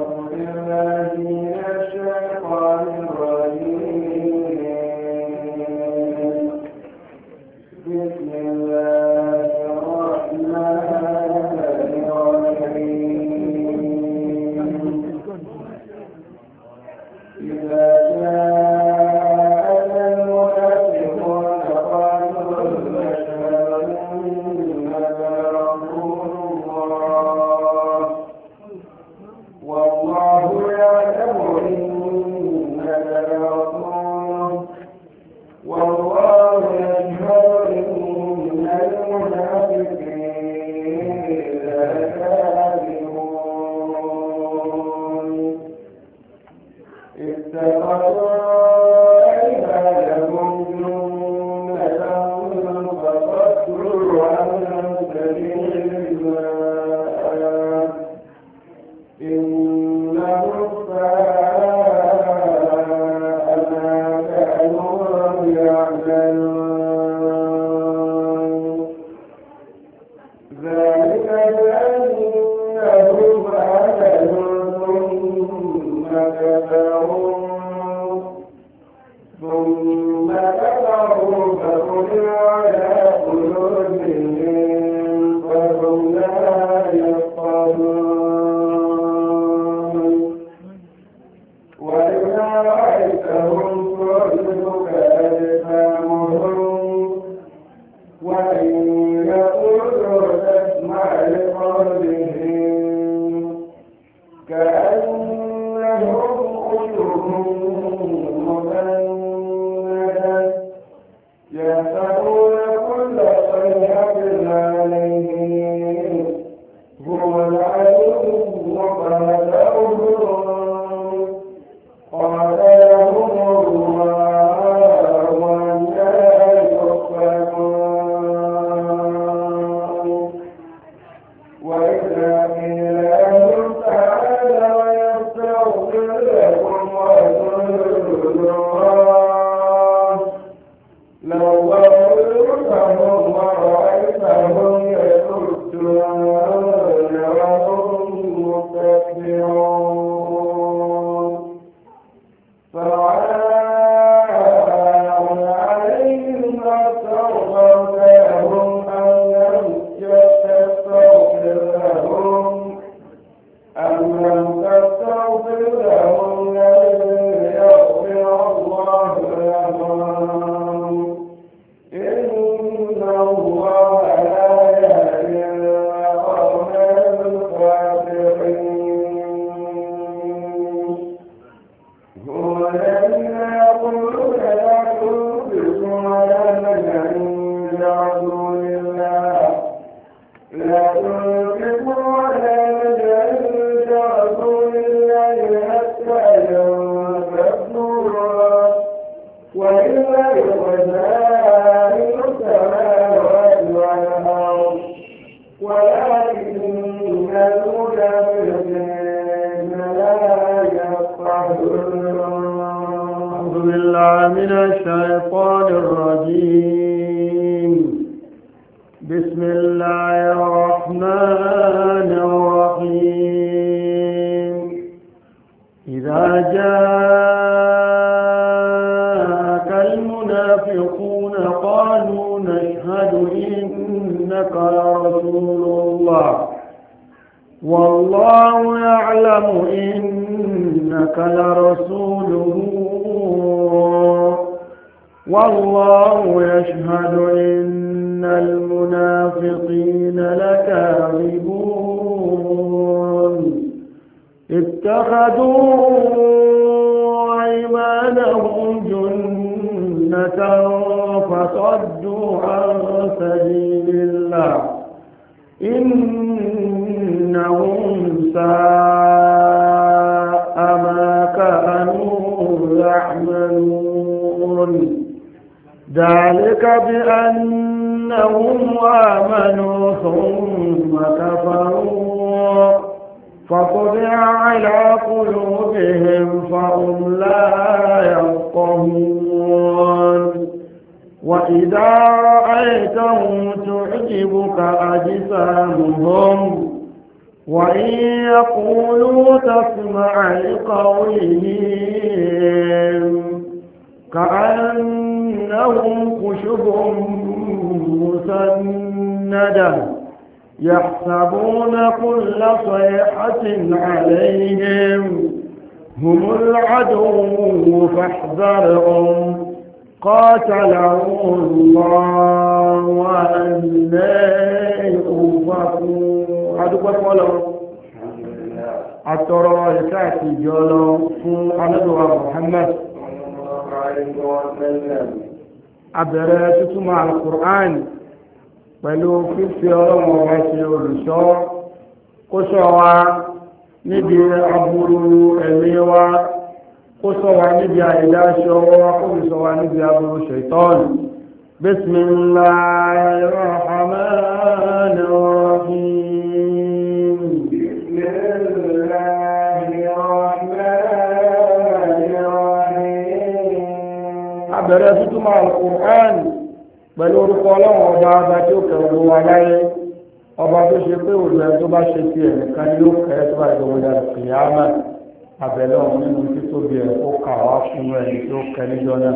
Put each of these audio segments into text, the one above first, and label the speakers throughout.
Speaker 1: أضلنا والله يعلم إنك لرسوله والله يشهد إن المنافقين لكاذبون اتخذوا أيمانهم جنة فصدوا عن سبيل الله إنهم ساء ما كانوا يعملون ذلك بأنهم آمنوا ثم كفروا فطبع على قلوبهم فهم لا يفقهون وإذا رأيتهم تعجبك أجسامهم وإن يقولوا تسمع لقولهم كأنهم خشب مسندة يحسبون كل صيحة عليهم هم العدو فاحذرهم قاتله الله أني أفكون adúpẹ́ fọ́lọ́ àtọrọ
Speaker 2: ìṣẹ́ àti ìjọ lọ fún alẹ́lọ́wà Muhammad abẹ̀rẹ̀ tútúmọ̀ al-Qur'an pẹ̀lú fífi ọlọ́run ọba ṣe olùṣọ́ kó ṣọ́ wa níbi aburú ẹ̀mí wa kó sọ wa níbi àìdá ṣọwọ́ kó fi sọ wa níbi
Speaker 1: aburú ṣètọ́n bismillahir rahmanir rahim bismillahir rahmanir rahim abẹ̀rẹ̀ tuntun máa al-Qur'an
Speaker 2: pẹ̀lú orúkọ ọlọ́run ọba ọba tí ó kẹwàá wa láyé ọba tó ṣe pé òun ẹ̀ tó bá ṣe tiẹ̀ nìkan ni ó tó bá ṣe wọn dàrú kìyàmá àbẹ̀lẹ̀ ọ̀hún nínú títóbi ẹ̀ ó kà wá fún ẹni tí ó kẹ níjọ náà.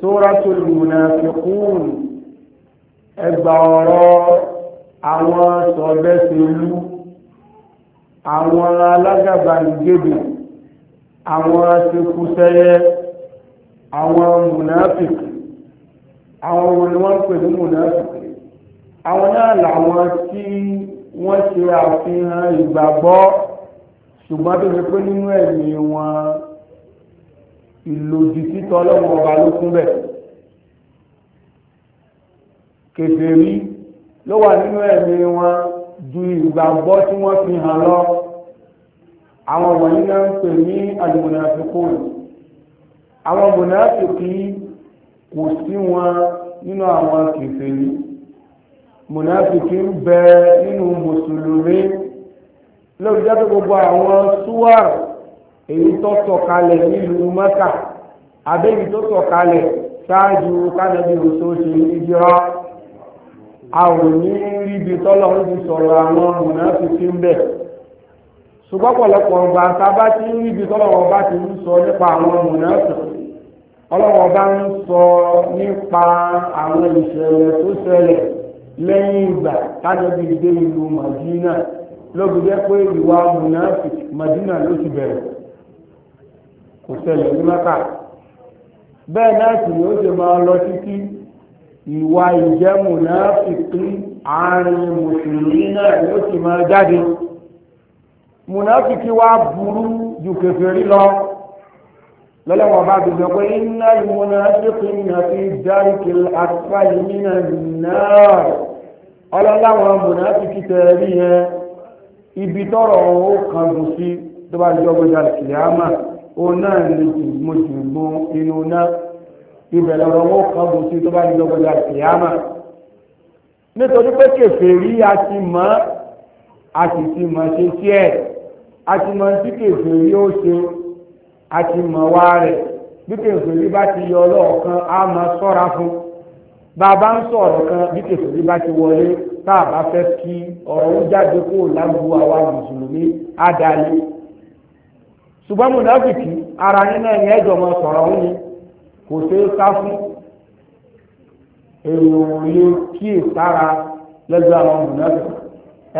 Speaker 2: Suratul Munafiqun ẹgbà ọ̀rọ̀ àwọn sọ̀bẹ́sẹ̀lú àwọn alágàbàǹgẹ̀dẹ̀ àwọn asekúsẹ́yẹ àwọn munafik àwọn wọn ni wọ́n ń pè ní munafik àwọn náà làwọn tí wọ́n ṣe àfihàn ìgbàgbọ́ ṣùgbọ́n tó ṣe pé nínú ẹ̀mí wọn ìlòdì títọ́ ọlọ́run ọba ló kún bẹ̀ kèfèrí ló wà nínú ẹ̀mí wọn ju ìgbàgbọ́ tí wọ́n fi hàn lọ àwọn wọ̀nyí náà ń pè ní àlùmọ̀nàfikún àwọn mọ̀nàfikì kò sí wọn nínú àwọn kèfèrí mọ̀nàfikì ń bẹ nínú mùsùlùmí lórí jẹ́ pé gbogbo àwọn suwar èyí tó sọ̀kalẹ̀ nílùú mẹ́kà àbẹ́yìí tó sọ̀kalẹ̀ ṣáájú kánẹ́bí oṣooṣù ìjírọ́ a ò ní ríbi tọ́lọ̀ ń ti sọ̀rọ̀ àwọn mùnáfíkí ń bẹ̀ ṣùgbọ́n pọ̀lọpọ̀ ọgbà sábà tí ń ríbi tọ́lọ̀ ọba ti ń sọ nípa àwọn mùnáfíkí ọlọ́wọ́ bá ń sọ nípa àwọn ìṣẹ̀lẹ̀ tó ṣẹlẹ̀ lẹ́yìn ìgbà kánẹ́bí dé ìlú Mádínà lọ́bi jẹ́ pé ìwà munafik madina ló ti bẹ̀rẹ̀ kò ní bẹ́ẹ̀ náà sì ni ó ṣe máa lọ ìwà ìjẹ́ àárín mùsùlùmí náà jáde wá burú ju lọ lọ́lọ́wọ́n bá ti sọ pé iná náà ibi tọrọ ó kan gùn sí tó bá jọ gbọdọ kìyàmà ó náà ní mo sì gun inú náà ibẹ̀ lọ́rọ̀ ó kan gùn sí tó bá jọ gbọdọ kìyàmà nítorí pé kèfèrí a ti mọ̀ a sì ti mọ̀ ṣe sí ẹ̀ a ti mọ̀ tí kèfèrí ó ṣe a ti mọ̀ wá rẹ̀ bí kèfèrí bá ti yọ ọlọ́ọ̀kan a máa ṣọ́ra fún un bàbá ń sọ̀rọ̀ kan bí kèsìrí bá ti wọlé tá a bá fẹ́ kí ọ̀rọ̀ ó jáde kó lágbo àwa mùsùlùmí á dalé ṣùgbọ́n mùnàfìkì ara yín náà yẹn jọmọ sọ̀rọ̀ ń ni kò ṣeé sá fún èrò lè kíyè sára lẹ́gbẹ̀ẹ́ àwọn mùnàfìkì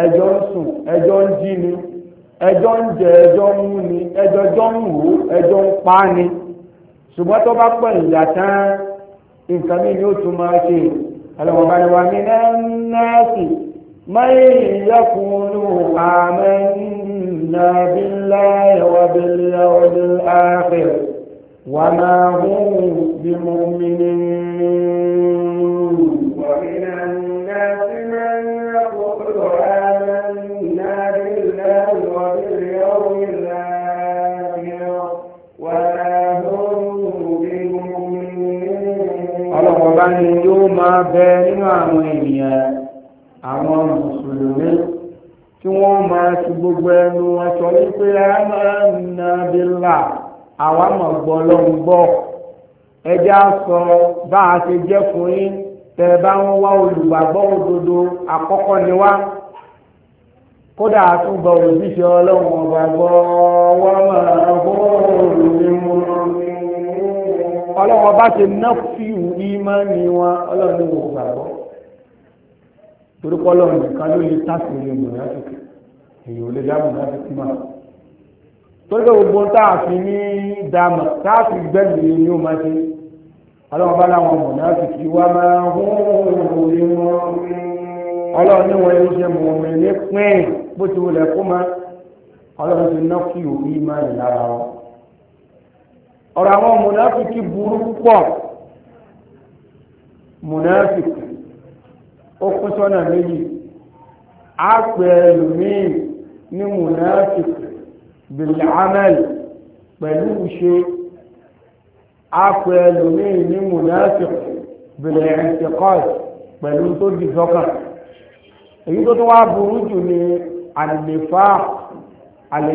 Speaker 2: ẹjọ́ ń sùn ẹjọ́ ń jí ni ẹjọ́ ń jẹ ẹjọ́ ń mú ni ẹjọ́ jọ́ ń wò ẹjọ́ ń pa ni ṣùgbọ́n tó bá pẹ̀lú ìyá tán nǹkan mi ni ó tún máa ṣe alọ́mọbalẹ̀wà mi náà náà sì máa ń yẹ́kùnú àmọ́ nàbí
Speaker 1: láyé wàbí láwọ́dé áfẹ́ wà máa hùn bí mo mi ní. ومن الناس
Speaker 2: من يقول آمنا بالله وباليوم ni yóò máa bẹ nínú àwọn ènìyàn àwọn mùsùlùmí tí wọ́n máa ti gbogbo ẹnu wọn sọ wípé amánàbílà àwa mọ̀ gbọ́ lọ́hùn bọ́ ẹjẹ́ á sọ bá a ṣe jẹ́ fún yín tẹ bá ń wá olùgbàgbọ́ òdodo àkọ́kọ́ ni wá kódà àtúbọ̀ òjíṣẹ́ ọlọ́run ọ̀gbàgbọ́ wọ́n máa bọ́ òrùlé mu ọlọ́wọ́ bá ṣe nọ́fíù ìmánì wọn ọlọ́run ní wọn gbàgbọ́ torúkọ ọlọ́run nìkan ló lè tàṣì ní mùnàfíkì èyí ò lè dá mùnàfíkì máa tójú gbogbo táàfin ní dàmà táàfin gbẹ̀gbẹ̀ ni ó máa ṣe ọlọ́run bá láwọn mùnàfíkì wá máa ń hún orí wọn ọlọ́run ní wọn ṣe mọ̀ọ́mẹ́ ní pín bó ti wọlé kó máa ọlọ́run ti nọ́fíù ìmánì lára ọ̀rọ̀ àwọn mùnáfíkì burú púpọ̀ mùnáfíkì ó kún sọ́nà méjì á pè ẹlòmíì ní mùnáfíkì bìlì amẹ́l pẹ̀lú ìṣe á pè ẹlòmíì ní mùnáfíkì bìlì ẹ̀ǹtẹ̀kọ́s pẹ̀lú tó di sọ́kàn èyí tó tún wá burú jù ní àlèfà àlè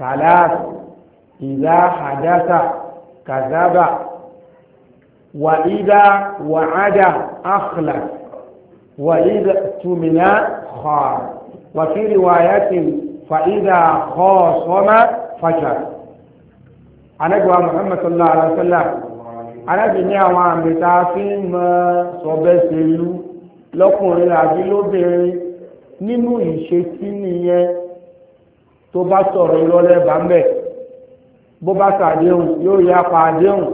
Speaker 2: ثلاث إذا حدث كذب وإذا وعد أخلف وإذا اؤتمن خار وفي رواية فإذا خاصم فجر أنا محمد صلى الله عليه وسلم أنا ní àwọn àmì tá a fi ń mọ sọ̀bẹ́sẹ̀lú lọ́kùnrin àbí tó bá sọ̀rọ̀ ìrọ̀lẹ́ bá ń bẹ̀ bó bá sàdéhùn yóò yá pa àdéhùn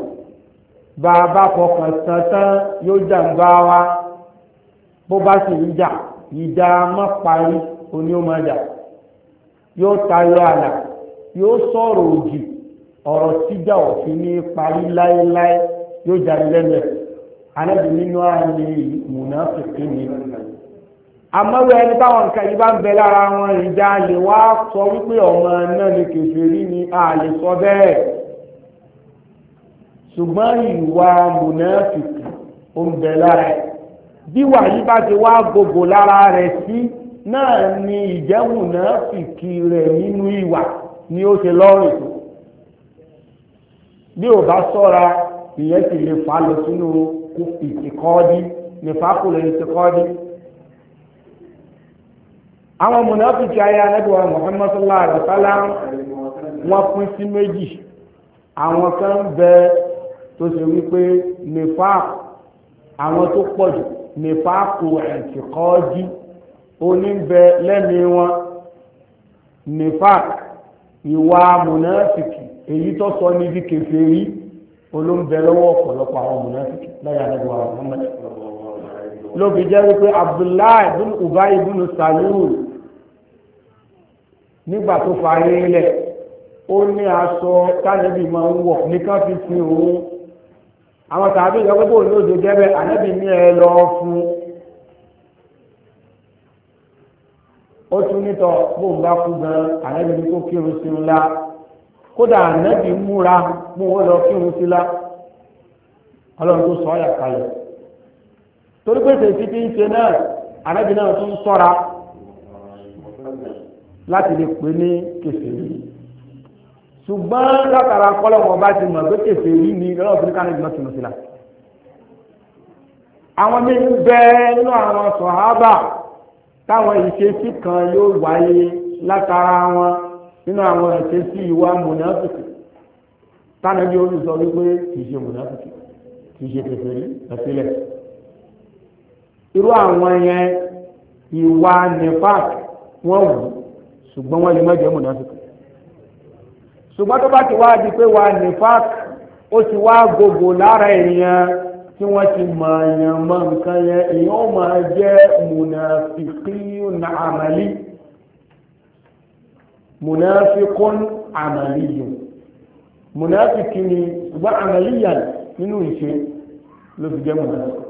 Speaker 2: bá a bá fọkàn tán tán yóò jà ń bá wa bó bá sì ń jà ìjà mọ́ parí oní ó máa jà yóò tayọ àlà yóò sọ̀rọ̀ òdì ọ̀rọ̀ síjà òfin ní parí láéláé yóò jà lẹ́nu ẹ̀ anábì nínú àmì ìmùnáfíkì ni àmọ́wé ẹni táwọn nǹkan yìí bá ń bẹ lára wọn ìjà lè wá sọ wípé ọmọ náà ni kèfèrí ni a lè sọ bẹ́ẹ̀ ṣùgbọ́n ìwà mùnáfìkì ó ń bẹ lára ẹ̀ bí wàyí bá ti wá gbogbo lára rẹ̀ sí náà ni ìjẹ́ mùnáfìkì rẹ̀ nínú ìwà ni ó ṣe lọ́rùn tó bí ò bá sọ́ra ìyẹn sì lè fà lọ sínú kófì ìkọ́ọ́dí lè fà kó lè ṣe àwọn mùnàfíkì ayé anábìwá Muhammad sallallahu alaihi wasallam wọ́n pín sí méjì àwọn kan bẹ tó ṣe wípé nífà àwọn tó pọ̀ jù nífà kò ẹ̀ǹtì kọ́ jí oníbẹ lẹ́mìí wọn nífà ìwà mùnàfíkì èyí tó sọ níbi kèfèrí olóńbẹ lọ́wọ́ ọ̀pọ̀lọpọ̀ àwọn mùnàfíkì láyé anábìwá Muhammad ló jẹ́ wípé Abdullahi ibn Ubay ibn Salul nígbà tó fààyè lẹ̀ ó ní aṣọ tánẹ́bì máa ń wọ̀ nìkan fi fi òun àwọn tàbí ìyọ́ gbogbo olóòjò gẹ́gẹ́ ànẹ́bì ní ẹ lọ fún ó tún nítọ̀ bó ń bá kú gan ànẹ́bì ní kó kírun sí ńlá kódà ànẹ́bì múra mú ó lọ kírun sí ńlá ọlọ́run tó sọ ọ́yà kalẹ̀ torí pé tètè ti ń ṣe náà ànẹ́bì náà tún sọ́ra láti lè pè ní kèfèrí ṣùgbọ́n látara kọ́lọ́wọ́ bá ti mọ̀ pé kèfèrí ni lọ́wọ́ fi ní kánú ìgbọ́n tìǹbù sílá àwọn míín bẹ nínú àwọn sọ̀hábà táwọn ìṣesí kan yóò wáyé látara wọn nínú àwọn ìṣesí ìwà mùnàfìkì tánàbí olùsọ wípé kì í ṣe mùnàfìkì kì í ṣe kèfèrí ẹ̀sílẹ̀ irú àwọn yẹn ìwà nífàkì wọ́n wù ú ṣùgbọ́n wọ́n lè má jẹ́ mùnáfíkì ṣùgbọ́n tó bá ti wá di pé wà ní fák ó ti wá gbogbo lára èèyàn tí wọ́n ti mọ̀ èèyàn mọ̀ nǹkan yẹn èèyàn ó máa jẹ́ mùnàfikún àmàlí mùnàfikún àmàlí yìí mùnàfikì ni ṣùgbọ́n àmàlí yà nínú ìṣe ló fi jẹ́ mùnàfikì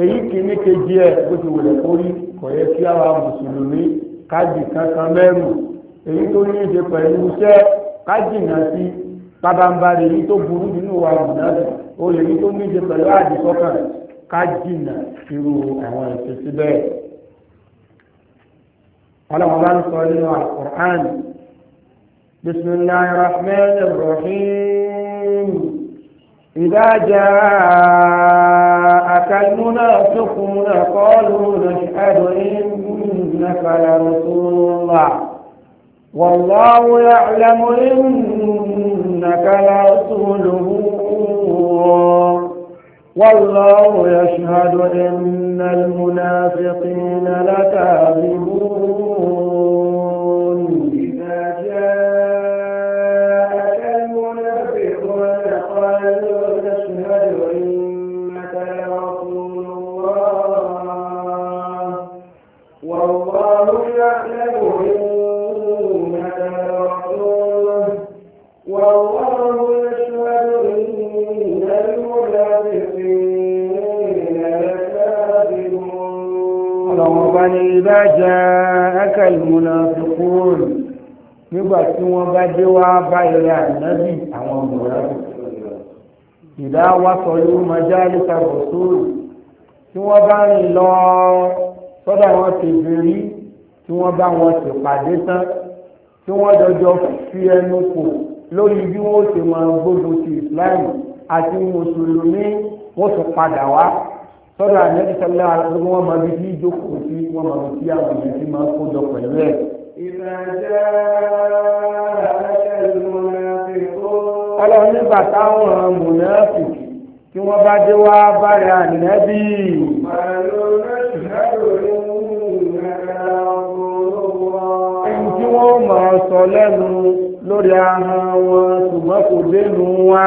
Speaker 2: èyí kìíní kejì ẹ̀ bó ti wùlẹ̀ kórí kò yẹ kí àwa mùsùlùmí kájì kankan mẹ́rù èyí tó ní í ṣe pẹ̀lú iṣẹ́ kájìnà sí pabambari èyí tó burú nínú wa mọ̀nà ó lè ní tó ní í ṣe pẹ̀lú àdìsọ́kàn kájìnà irú àwọn ìṣesí bẹ́ẹ̀. ọlọ́run bá ń sọ nínú alukur'an bisimilahi rahman rahim
Speaker 1: ìdá jẹ́ àkàlùmọ́nà tó kùn náà kọ́ lóun lọ́sẹ̀ àdó ẹ̀yìn. إنك لرسول الله والله يعلم إنك لرسوله والله يشهد إن المنافقين لكاذبون
Speaker 2: ìbá jà ákàlì mùnàfikún nígbà tí wọ́n bá dé wá bá ilẹ̀ ànábì àwọn mùnàfikún ìdá wá sọ̀rọ̀ mọ́jálì kàbọ̀sóòlù tí wọ́n bá rìn lọ sọ́dọ̀ àwọn tèbèrè tí wọ́n bá wọn sì pàdé tán tí wọ́n dọjọ́ fi ẹnu kò lórí bí wọ́n ṣe máa gbógun ti Islam àti mùsùlùmí wọ́n tún padà wá sọ́dọ̀ àyẹ̀kí sọ́lá àti wọ́n máa bí kí ìjókòó sí wọ́n máa bí àwọn èèyàn máa kójọ pẹ̀lú ẹ̀.
Speaker 1: ọlọ́run nígbà táwọn mùnà
Speaker 2: fìkì tí wọ́n bá dé wá bá rẹ̀ ànínẹ́bí.
Speaker 1: màlúù náà. máa
Speaker 2: sọ lẹ́nu lórí ahọ́n wọn ṣùgbọ́n kò dénú wa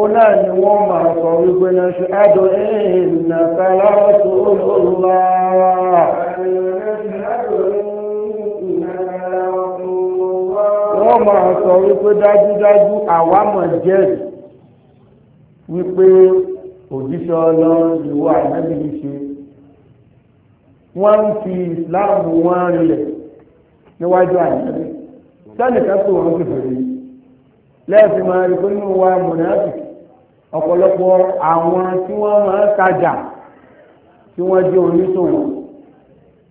Speaker 1: ó náà ni wọ́n máa sọ wípé náà ṣe àdó ẹ̀ẹ́nà kálọ́ọ̀tù olóòlùwà.
Speaker 2: wọ́n máa sọ wípé dájúdájú àwa mọ̀ jẹ́rìí wípé òjíṣẹ́ ọlọ́run ìwọ ànábìyí ṣe wọ́n ń fi ìsìláàmù wọn rinlẹ̀ níwájú àyẹ̀bí sani kakó wọn ti fèrè lẹ́ẹ̀fin máa rí pínú wa mùnàfíkì ọ̀pọ̀lọpọ̀ àwọn tí wọ́n máa tajà tí wọ́n jẹ́ oníṣòwò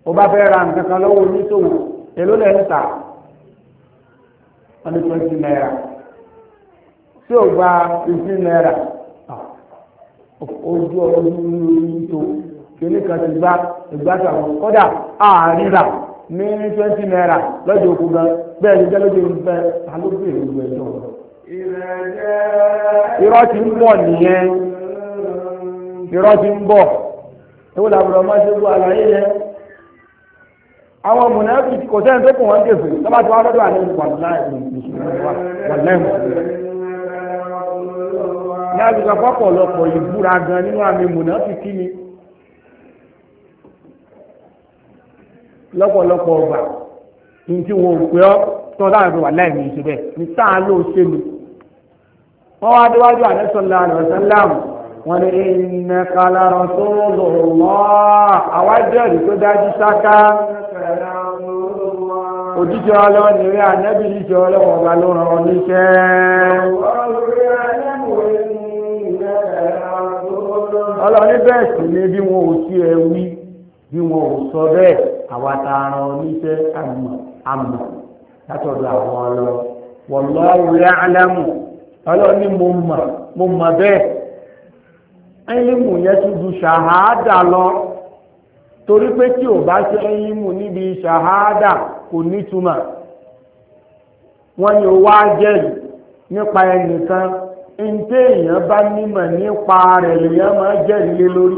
Speaker 2: ó bá fẹ́ ra nǹkan kan lọ́wọ́ oníṣòwò èló lẹ́ ń tà wọ́n ní twenty naira tí ò gba fifteen naira ojú ọdún yìí tó kíní kan ti gbá ìgbà tàwọn kódà àárín rà. ní twenty naira lọ́jọ́ òkú gan bẹ́ẹ̀ ni jẹ́lódé ń bẹ ta ẹjọ́
Speaker 1: irọ́ ti ń bọ̀ nìyẹn ti ń
Speaker 2: bọ̀ ewu làbúrò máa ṣe gbọ́ àlàyé yẹn àwọn mùnàfi kò sẹ́ni tó kù wọ́n dèfè lọ́ba tí wọ́n lọ́dọ̀ àlejò wà wà lẹ́mù
Speaker 1: ní àgbègbè àpapọ̀ ọ̀lọ́pọ̀
Speaker 2: ìbúra gan nínú àmì kí ni lọ́pọ̀lọpọ̀ ọgbà ní tí wọn ò pé ọ́ tí wọ́n dáhùn pé wà láìní ìṣe bẹ́ẹ̀ ní táà ló ṣe mi. wọ́n wá déwájú àdẹ́sọ̀lá àdẹ́sọ̀láàmù wọn ni ìnà kalarọ̀ tó lọ́wọ́ àwa bẹ́ẹ̀ sì ni bí wọn ò sí ẹ wí bí wọn ò sọ bẹ́ẹ̀ àwa ta ara oníṣẹ́ àmọ̀ àmọ̀ látọ̀dọ̀ àwọn ọlọ wallahu ya'lamu ọlọ́ni mo mọ̀ mo mọ̀ bẹ́ẹ̀ ẹ̀yìnmù yẹn ti ju ṣàhádà lọ torí pé tí ò bá ṣe ẹ̀yìnmù níbi ṣàhádà kò nítumọ̀ wọ́n ní wá jẹ́rìí nípa ẹnìkan ntẹ́ èèyàn bá nímọ̀ nípa rẹ̀ lèèyàn máa jẹ́rìí lé lórí.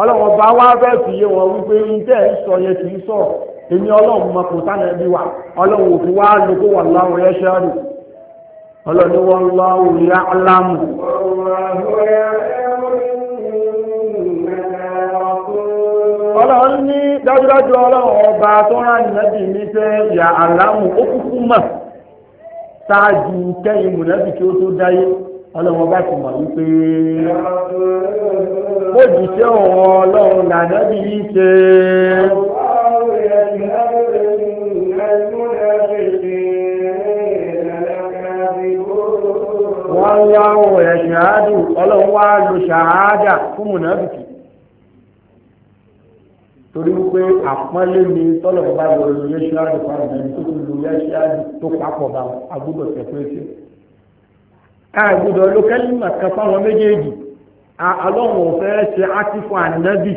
Speaker 2: ọlọ́run ọba wa fẹ́ fi yé wọn wípé njẹ́ sọ yẹn kì í sọ̀rọ̀ èmi ọlọ́run mọ kò sánà ẹbí wa ọlọ́run òfin wà láwọn ẹ ṣáàrù ọlọ́run wọn lọ òun aláàmù. ọlọ́run ní dájúdájú ọlọ́run ọba tó rán mi ọlọ́run bá ti mọ̀ wípé bójúṣe òun ọlọ́run lànà bí yí ṣe.
Speaker 1: wọ́n wá ohun ẹ̀ ṣàádù ọlọ́run wá lo
Speaker 2: ṣàádà fún mùnàbìkì torí wípé àpọ́nlé mi tọ́lọ̀ bá lọ lo yẹ́ṣáàdù fáwọn ẹni tó tún lo yẹ́ṣáàdù tó papọ̀ bá agbúdọ̀ tẹ̀ pé ṣe àgbùdọ̀ lókẹ́lì màkà fáwọn méjèèjì ọlọ́run ò fẹ́ ṣe átífọ̀ ànábì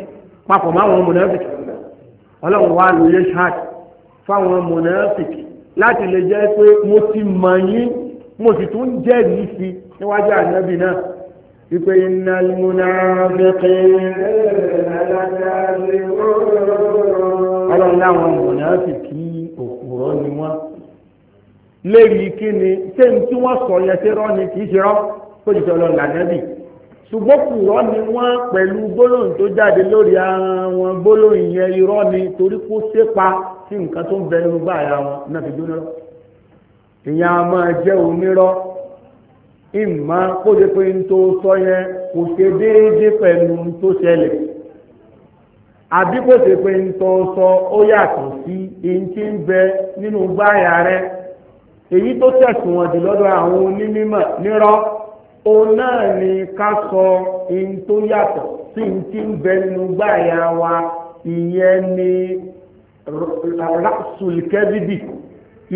Speaker 2: papọ̀ máwọn mùnáfìkì ọlọ́run wà lóye ṣáàt fáwọn mùnáfìkì láti lè jẹ́ pé mo ti mọ̀ yín mo sì tún jẹ́rìí sí níwájú ànábì náà wípé iná múnáfìkì ọlọ́run láwọn mùnáfìkì òkúrọ́ ni wọ́n lérí kí ni ṣé n tí wọ́n sọ yẹn ṣe rọ́ ni kì í ṣe rọ́ tó jù sọ̀rọ̀ lànàbì ṣùgbọ́n kùrọ́ ni wọ́n pẹ̀lú gbólóhùn tó jáde lórí àwọn gbólóhùn yẹn irọ́ ni torí kó sépa sí nǹkan tó ń bẹ nínú gbà ara wọn náà fi dúró ìyẹn a máa jẹ́ onírọ́ ìmọ̀ kó jẹ́ pé n tó sọ yẹn kò ṣe déédéé pẹ̀lú n tó ṣẹlẹ̀ àbí kò ṣe pé n tó sọ ó yàtọ̀ sí èyí tí ń bẹ nínú gbáyà rẹ̀ èyí tó tẹ̀sùn wọn jù lọ́dọ̀ àwọn onímọ̀ nírọ́ òun náà ni ká sọ ohun tó yàtọ̀ sí ohun tí ń bẹ nínú gbáàyà wa ìyẹn ni sulkẹ́bíbì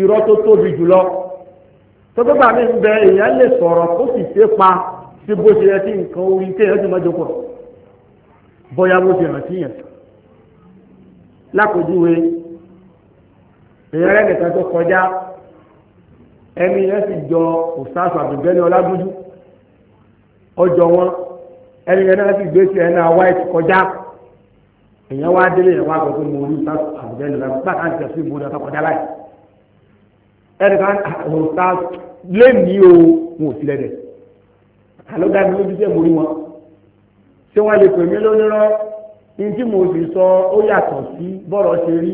Speaker 2: irọ́ tó tóbi jùlọ tọ́tọ́ bá mi ń bẹ èèyàn lè sọ̀rọ̀ kó sì ṣe pa sí bó ṣe yẹ kí nǹkan orí kéèyàn ti mọ́jọ pọ̀ bóyá bó ṣe hàn yẹn lákòójúwe èèyàn rẹ̀ nìkan tó kọjá ẹni yẹn sì jọ òsáàsù àbẹ̀bẹ́ni ọlágúdú ọjọ́ wọn ẹni yẹn náà sì gbé sí ẹni àwa ẹ̀ kọjá èèyàn wá délé yẹn wá gbọ́dọ̀ mọ orí òsáàsù àbẹ̀bẹ́ni ọlágúdú bákan tẹ̀ sí ìbò náà kọjá láì ẹni kan òsáàsù lé ní o wọn ò sílẹ̀ dẹ̀ àlọ́gá mi ló dúdú ẹ̀ mórí wọn ṣé wọ́n lè pè mí lónírọ́ ní tí mo sì sọ ó yàtọ̀ sí bọ́rọ̀ ṣe rí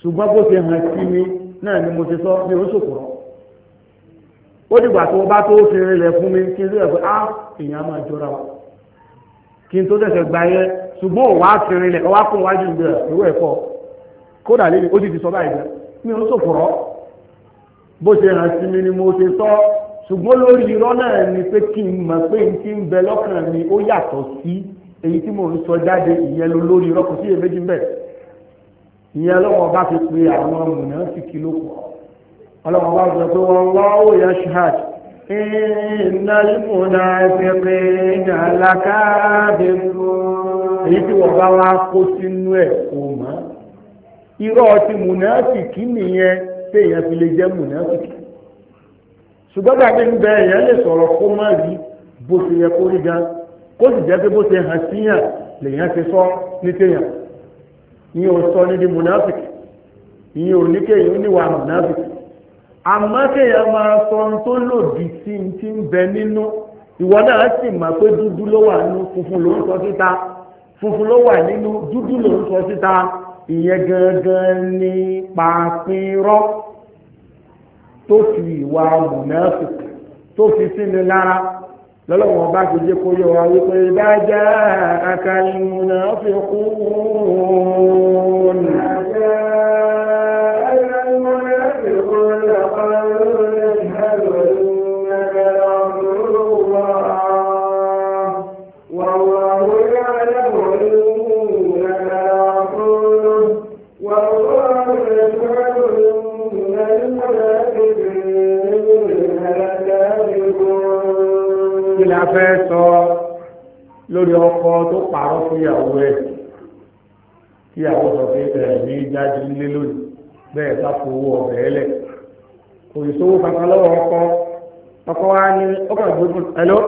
Speaker 2: ṣùgbọ́n bó ṣe hàn sí mi náà ni mo ti sọ mi ò sòkòrọ̀ ó dìgbà tó bá tó fi rinlẹ̀ fún mi kí n tó yẹ pé ah èèyàn máa jọra wa kí n tó tẹ̀sẹ̀ gba yẹn ṣùgbọ́n òun wá fi rinlẹ̀ ọwá kún wájú ìgbé rẹ̀ ìwé ẹ̀kọ́ kódà lẹ́yìn ó ti ti sọ báyìí gan mi ò sòfòrọ́ bó ṣe hàn sí mi ni mo ṣe sọ ṣùgbọ́n lórí irọ́ náà ni pé kí n mọ̀ pé n ti ń bẹ lọ́kàn mi ó yàtọ̀ sí èyí tí mò ń sọ jáde ìyẹn ló lórí irọ́ kò sí èméjì ń bẹ ìyẹn lọ́wọ́ bá fi pe àwọn mùnà sì kí ló ọlọ́wọ́ bá sọ wọ́n lọ́wọ́ yẹ ṣáàt iná ìfúnná ìfẹ́pẹ́ ìdàlákàbẹ̀ èyí tí wọ́n bá wá kó sínú ẹ̀ kò mọ́ irọ́ ti mùnáfìkì nìyẹn téèyàn fi lè jẹ́ mùnáfìkì ṣùgbọ́n gbàgbé ń bẹ èèyàn lè sọ̀rọ̀ kó má rí bó ṣe yẹ kó rí gan kó sì jẹ́ pé bó ṣe sọ ní téèyàn sọ ní di mùnáfìkì ní kéèyàn níwà àmọ́ kéèyàn máa sọ ohun tó lòdì sí i ti ń bẹ nínú ìwọ náà sì mọ̀ pé dúdú ló wà nínú funfun ló ń sọ síta funfun ló wà nínú dúdú ló ń sọ síta ìyẹn gangan ni pàpínrọ́ tó fi ìwà mùnáfíkì tó fi sínú lára lọ́lọ́wọ́n bá ti jẹ́ kó yọ wa wípé bá já àkàlùmùnà fi kú òun. a fẹ́ sọ lórí ọkọ tó pààrọ̀ fún ìyàwó ẹ̀ kí ìyàwó sọ pé ẹ̀ ní jáde nílé lónìí bẹ́ẹ̀ bá fowó ọbẹ̀ ẹlẹ̀ kò sì sówó kankan lọ́wọ́ ọkọ ọkọ wa ní ọkọ ìgbésùn ẹ̀lọ́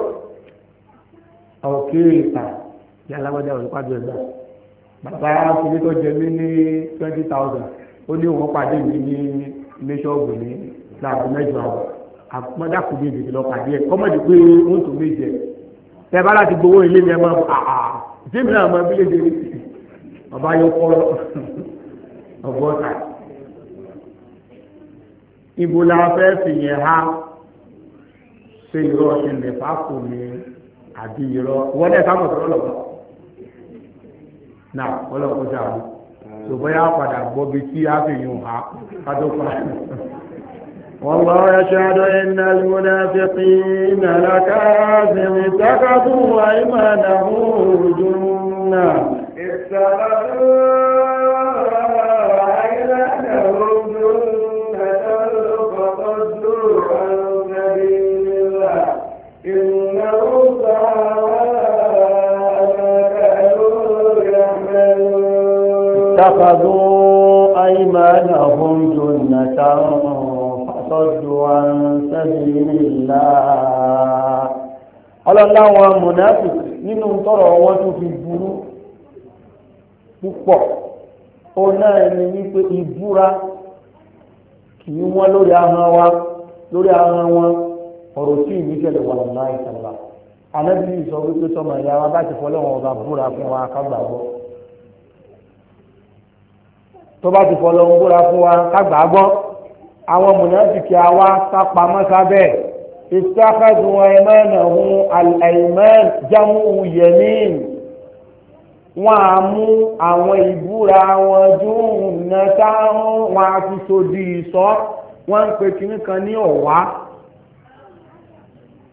Speaker 2: ọ̀kẹ́ ìta ní alágbádá olùpàdé ẹ̀gbá bàbá kìíní tó jẹ mí ní twenty thousand ó ní òun pàdé mi ní iléeṣẹ́ ọ̀gbìn ní láàbù mẹ́jọ àbọ̀ àpọ̀dàkùn bíi èdè lọ́pàá díẹ̀ kọ́mọ̀dé pé ó ń tó méje ẹ̀ bá láti gbowó ilé ni ẹ máa àà jẹ́mi náà máa bílẹ̀ dérí ọba yóò kọ́ ọgbọ́ta ìbò la fẹ́ fìyẹn ha ṣe irọ́ ilẹ̀ fáfù mi àbí irọ́ wọ́n dẹ̀ sábà sọ̀rọ̀ lọ́wọ́ náà ọlọ́kùnrin sàbò ṣùgbọ́n yà padà gbọ́ bí tí a fi yùn ha kájọ́ pa. والله يشهد إن المنافقين لكاذب اتخذوا أيمانه
Speaker 1: جنة اتخذوا أيمانه جنة اتخذوا أيمانهم
Speaker 2: جنة وصدوا عن سبيل الله ọlọ́láwọn amọ̀nàfíkì nínú tọrọ wọn tó fi púpọ̀ ó náà ní wípé ìbúra kì í wọ́n lórí ahọ́n wa lórí ahọ́n wọn ọ̀rọ̀ tí ìlú ṣẹlẹ̀ wà lọ́nà ìṣẹ̀lá anábì sọ wípé sọmọ ìyá wa bá ti fọlọ́wọn ọba búra fún wa kágbàgbọ́ tó bá ti fọlọ́wọn búra fún wa kágbàgbọ́ àwọn mùnàfíkì àwa sápamọ́ sábẹ́ ìsákàtú aymanahum al-ayman jámù yamin wọn á mú àwọn ìbúra wọn dùn nàta wọn á fi sodi ìsọ wọn ń pe kínní kan ní ọ̀wá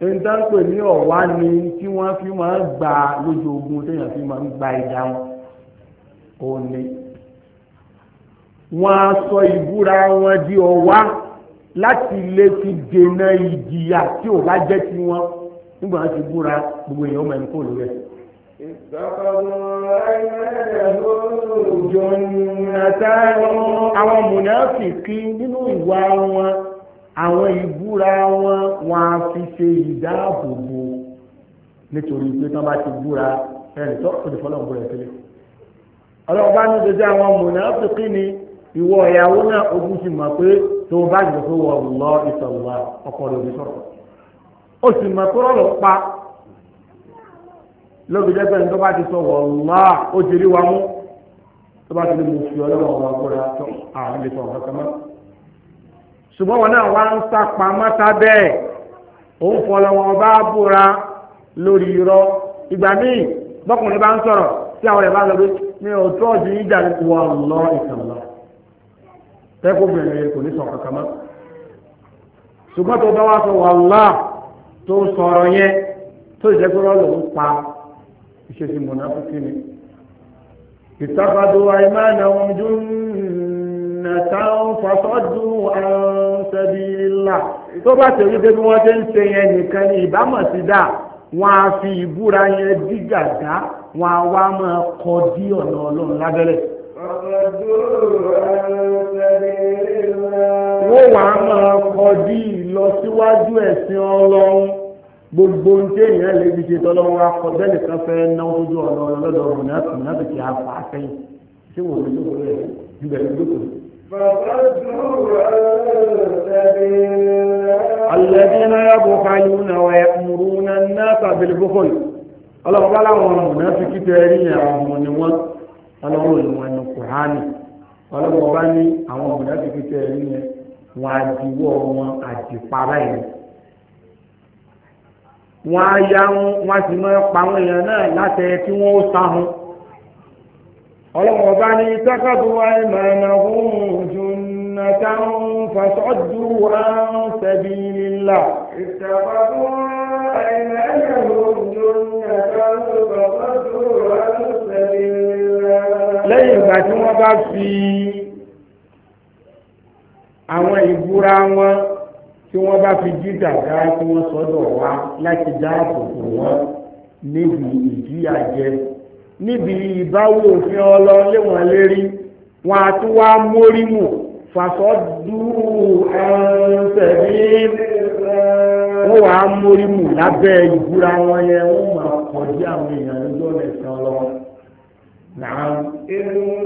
Speaker 2: ìdáǹpẹ̀ ní ọ̀wá ni tí wọ́n fi máa ń gbà lójú téèyàn fi máa ń gba ìdá wọn ò wọ́n á sọ ìbúra wọn di ọ̀wá láti lè fi dènà ìjìyà tí ò bá jẹ́ ti wọn nígbà wọn ti búra gbogbo èèyàn ọmọ ẹni kò lórí ẹ̀. Àwọn mùnáfìkì nínú ìwà wọn, àwọn ìbúra wọn, wọn á fi ṣe ìdáàbòbò nítorí pé tán bá ti búra ẹni tó kò lè fọlọ́ọ̀bù rẹ̀ tẹ́lẹ̀. Ọlọ́run ní dojú àwọn mùnáfìkì ni ìwọ ìyàwó náà ojú sì mọ̀ pé tó bá jù pé wọ́n lọ ìsọ̀lá ọkọ rẹ̀ òbí sọ̀rọ̀ ó sì mọ̀ pé rọ̀rọ̀ pa lóbi dẹ́gbẹ́ ní tó bá ti sọ wọ́n lọ́ ó ti rí wa mú tó bá ti lè mú fi ọlọ́wọ́ wọn kóra tó àárín lè sọ ọ̀rọ̀ kan ṣùgbọ́n wọn náà wá ń sá pamọ́ sábẹ́ òun fọlọ́ wọn bá búra lórí irọ́ ìgbà míì bọ́kùnrin bá ń sọ̀rọ̀ tí àwọn ẹ̀ bá sọ pé mi ò tọ́jú ìjà tẹ́kùnbìnrin yẹn kò ní sọ kankan mọ́ ṣùgbọ́n tó bá wá sọ wàhálà tó ń sọ̀rọ̀ yẹn tó ìjẹ́ pé wọ́n lòún pa ìṣesí mọ̀nàfíkì ni ìtàkàdù àìmáàna wọn júnà táwọn fasọ́dù àǹsẹ̀bìlà tó bá tẹ̀lé pé bí wọ́n ṣe ń ṣe yẹn nìkan ní ìbámọ̀ sí dà wọ́n á fi ìbúra yẹn dígàdá wọ́n á wá máa kọ dí ọ̀nà ọlọ́run lábẹ́lẹ̀
Speaker 1: wọ́n wà á máa kọjú
Speaker 2: ìlọsíwájú ẹ̀sìn ọlọ́run gbogbo ń tẹ́ lè fi ṣe tọ́lọ́run akọ bẹ́ẹ̀ kan fẹ́ náwó lójú ọ̀nà ọlọ́dọ̀ ọ̀nà ẹ̀sìn náà fi apá sẹ́yìn tí wọ́n lè lóko rẹ̀ jùlọ ní gbogbo.
Speaker 1: الذين يبخلون
Speaker 2: ويأمرون الناس بالبخل الله قال لهم منافق تاريخ من وقت ọlọ́wọ́ ni wọn nu kùránì ọlọ́wọ́ bá ní àwọn mọ̀lẹ́bí pípẹ́ ẹ̀rí yẹn wọn àdìwọ́ wọn àdìpara yẹn wọn á yá wọn wọn sì máa pa àwọn èèyàn náà láti ẹ kí wọn ó sá wọn ọlọ́wọ́ bá ní sákàtú wa ìmọ̀ràn fún jùnàtà fasọ́jú wa sẹ́bi nílá. ìtàkùn
Speaker 1: àìmọ̀ràn fún jùnàtà fasọ́jú wa sẹ́bi nílá tí wọ́n bá
Speaker 2: fi àwọn ìbúra wọn tí wọ́n bá fi jíjà dá kí wọ́n sọ́dọ̀ wá láti dáàbò bò wọ́n níbi ìjìyàjẹ níbi ìbáwò òfin ọlọ́lé wọn lérí wọn a tún wá mórí mù fàṣọdú ẹ̀ńtẹ̀bí wọ́n wàá mórí mù lábẹ́ ìbúra wọn yẹn wọ́n máa kọjú àwọn èèyàn lọ́nà ìsan ọlọ́wọ́. نعم
Speaker 1: إنهم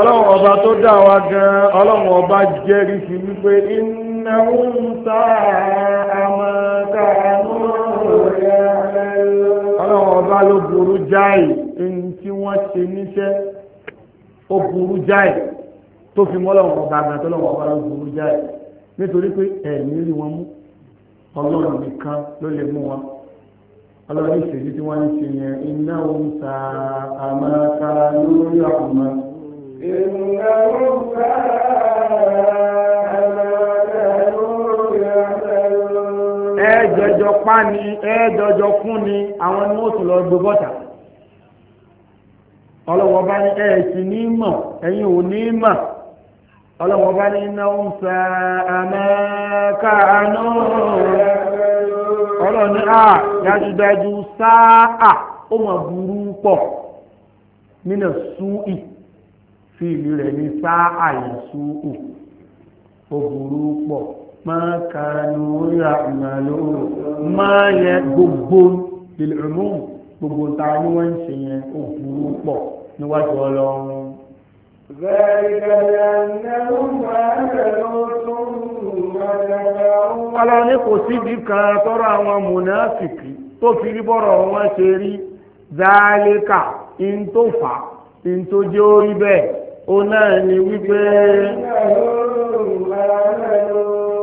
Speaker 1: ọlọ́run ọba tó dá wa
Speaker 2: gan ọlọ́run ọba jẹ́rìí sí wípé
Speaker 1: iná ń sá àmọ́ká ọlọ́run ọba ló
Speaker 2: burú jáì ẹni tí wọ́n ṣe níṣẹ́ ó burú jáì tó fi mọ́ ọlọ́run ọba gan tó lọ́wọ́ ọba ló burú jáì nítorí pé ẹ̀mí rí wọn mú ọlọ́run nìkan ló lè mú wọn ọlọ́run ìṣèjú tí wọ́n ń ṣe yẹn iná òun sa àmàkà lórí àkùnmọ́.
Speaker 1: iná òun sa àmàkà lórí àkùnmọ́. ẹ jọjọ
Speaker 2: pa ni ẹ jọjọ fún ni àwọn ni wọ́n tún lọ gbé bọ́tà ọlọ́wọ́ bá ní ẹ̀ sì ní mọ̀ ẹ̀yin ò ní mọ̀ ọlọ́wọ́ bá ní iná òun sa àmàkà lórí àkùnmọ́ ọlọ́run ní à ah, dájúdájú sáà ó mọ̀ burú pọ̀ nínú súì fi ìlú rẹ̀ ní sáà ìsúù ó burú pọ̀ máa kàánú ríra ìrànlọ́rọ̀ máa yẹ gbogbo ìlúmù gbogbo ta ni wọ́n ń ṣe yẹn ó burú pọ̀ níwájú ọlọ́run.
Speaker 1: ذلك لأنهم آمنوا ثم ọlọ́run ní kò
Speaker 2: síbi kan tọ́rọ àwọn mùnáfìkì tó fi rí bọ́rọ̀ wọn ṣe rí záálíkà in tó fà in tó jẹ́ orí bẹ́ẹ̀ ó náà ni wípé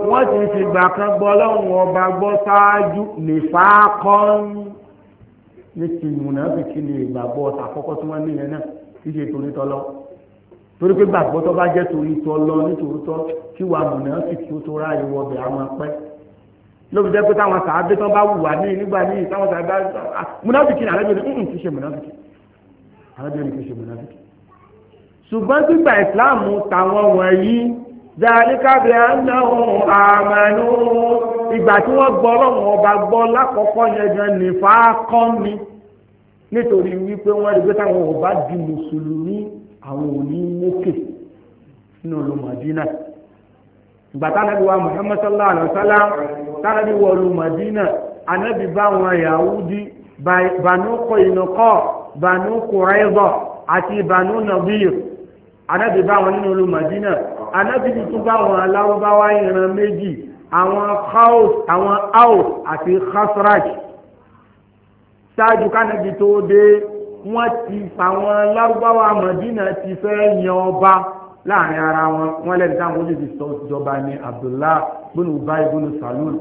Speaker 2: wọ́n ti fìgbà kan gbọ́ ọlọ́run ọba gbọ́ ṣáájú nìfàákọ́n ní ti mùnáfìkì ní ìgbàgbọ́ ọ̀tà àkọ́kọ́ tí wọ́n ní yẹn náà kí ṣe torí tọ́lọ́ torí pé gbàgbọ́ tó bá jẹ́ torí tọ́ lọ nítorí tọ́ kí wàá mọ̀nà sì kí ó tó ráàyè wọbẹ̀ àwọn apẹ́ lóbi jẹ́ pé táwọn sàábé tán bá wùwà ní nígbà míì táwọn sàábé múnáfìkì àlejò ní nǹkan kì í ṣe múnáfìkì àlejò ní kì í ṣe múnáfìkì. ṣùgbọ́n gbígbà ìsìláàmù tàwọn wọ̀nyí zàlíkàbí ànáhùn àmàlú ìgbà tí wọ́n gbọ́ ọlọ́run ọba gbọ́ lákọ̀ọ́kọ́ yẹn gan nìfà kọ́ mi nítorí wípé wọ́n rí pé táwọn ò bá di mùsùlùmí àwọn òní mókè nínú ìlú Madina gbàtà nàbí wa Muhammad sallallahu alaihi wa sallam tàbí wọ ìlú Madina anábì bá wọn Yahudi Banu Qaynuqa Banu Qurayza àti Banu Nadir anábì bá wọn nínú ìlú Madina anábì tuntun bá wọn aláwọ̀báwá ìran méjì àwọn Khawf àwọn Aws àti Khazraj ṣáájú kánàbì tó dé wọ́n ti àwọn lárúbáwá mọ̀dínà ti fẹ́ yan ọba láàrin ara wọn wọ́n lẹ́nu táwọn olùdí sọ́jọba ní Abdullah bùnú Ubay bùnú Salul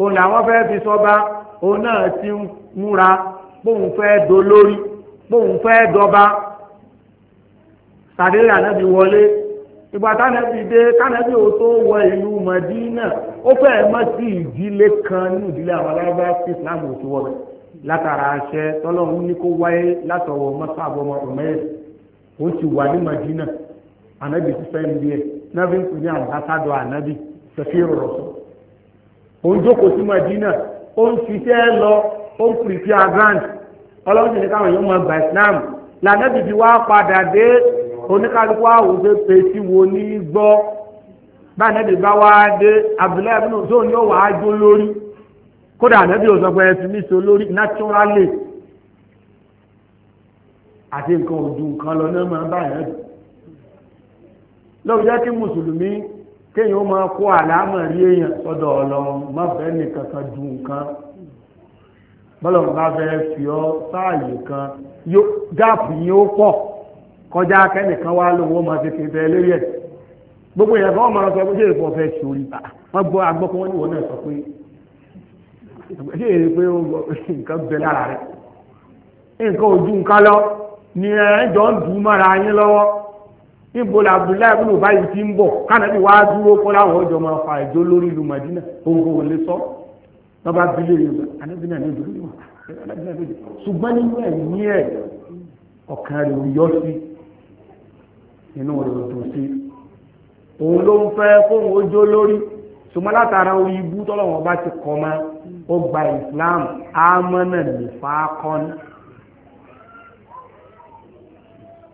Speaker 2: òun làwọn fẹ́ fi sọ́ba òun náà ti ń múra bóun fẹ́ dolórí bóun fẹ́ dọba sàdéhà náà fi wọlé ìgbà tánàbí dé tánàbí ò tó wọ ìlú Mọ̀dínà ó fẹ́ẹ̀ mọ́ sí ìdílé kan nínú ìdílé àwọn alábá sí Islam ò ti wọ́ bẹ́ẹ̀ látara aṣẹ tọ́lọ́hún ní kó wáyé látọ̀wọ́ mọ́sáàbọ̀ ọmọ ọ̀mẹ́rẹ́ ó ti wà ní madina anabi ti fẹ́ níbi ẹ̀ náà fi ń pè ní àmbásádọ̀ anabi sẹ́fí rọ̀rọ̀sọ. ó ń jókòó sí madina ó ń ṣiṣẹ́ lọ ó ń pèsè agrand ọlọ́run ti ní káwọn èèyàn máa gba islam lànàbì ti wá padà dé oníkálukú àwòṣe pèsè wo ní gbọ́ bá anabi bá wá dé abdullahi abdullahi tó ní ó wàá jó lórí kódà ànábì ò sọ pé so lórí naturally àti nǹkan ojú nǹkan lọ náà máa bá yẹn lọ́wọ́ jẹ́ kí mùsùlùmí kéèyàn ó máa kó àlámọ̀ rí èèyàn sọ́dọ̀ ọlọ́run má fẹ́ nìkan kan ju nǹkan bọ́lọ̀mù bá fẹ́ fi ọ́ sáàyè kan gáàpù yín ó pọ̀ kọjá kẹ́nìkan wá lóun ó máa ṣe kéde lórí ẹ̀ gbogbo èèyàn kan máa sọ pé ṣé ìfọ̀fẹ́ sórí wọ́n gbọ́ agbọ́kọ́ wọn ní ìwọ náà sọ pé ṣé èrè pé ó gbọ́ nǹkan bẹ lára rẹ̀ nǹkan ojú nǹkan lọ ni ẹ̀ jọ ń dùn mọ́ra yín lọ́wọ́ níbo la Abdullahi ibùdó báyìí ti ń bọ̀ kánàbí wàá dúró kó láwọn ọjọ́ máa fa ìjó lórí ìlú Madina òǹkò wò lè sọ lọ́ba bílẹ̀ yorùbá anábìnrin àná ìdúró yìí wà anábìnrin àná ìdúró ṣùgbọ́n nínú ẹ̀mí ẹ̀ ọ̀kan rẹ̀ ò yọ sí inú rẹ̀ ò dùn sí òun ló ń fẹ́ kóhun ó lórí ṣùgbọ́n látara oyinbú tọ́lọ́wọ́n bá ti kọ́ máa ọgbà islam amọ́nà nìfà kọ́n.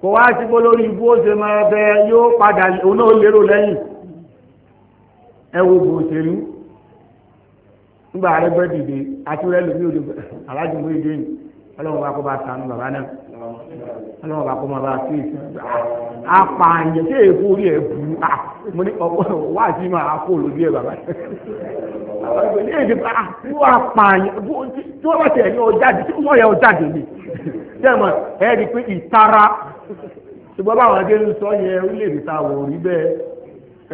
Speaker 2: kò wá sí pé ibú ó ṣe máa bẹ yóò padà oná lérò lẹ́yìn ẹ wo bòṣèlú nígbà rẹ gbẹ dìde àti rẹ lómi òde alájùmọ yìí ọlọ́run bá kó bá bàbá náà ọlọ́run àwọn ìgbẹ́ ní èdè bá wà pààyàn tí wọ́n bá tẹ̀ ní ọjáde tí wọ́n yẹ ọjáde ni tẹ́mọ̀ ẹ rí i pé ìtara ṣùgbọ́n báwọn adé ń sọ yẹn orílẹ̀-èdè ta wò rí bẹ́ẹ̀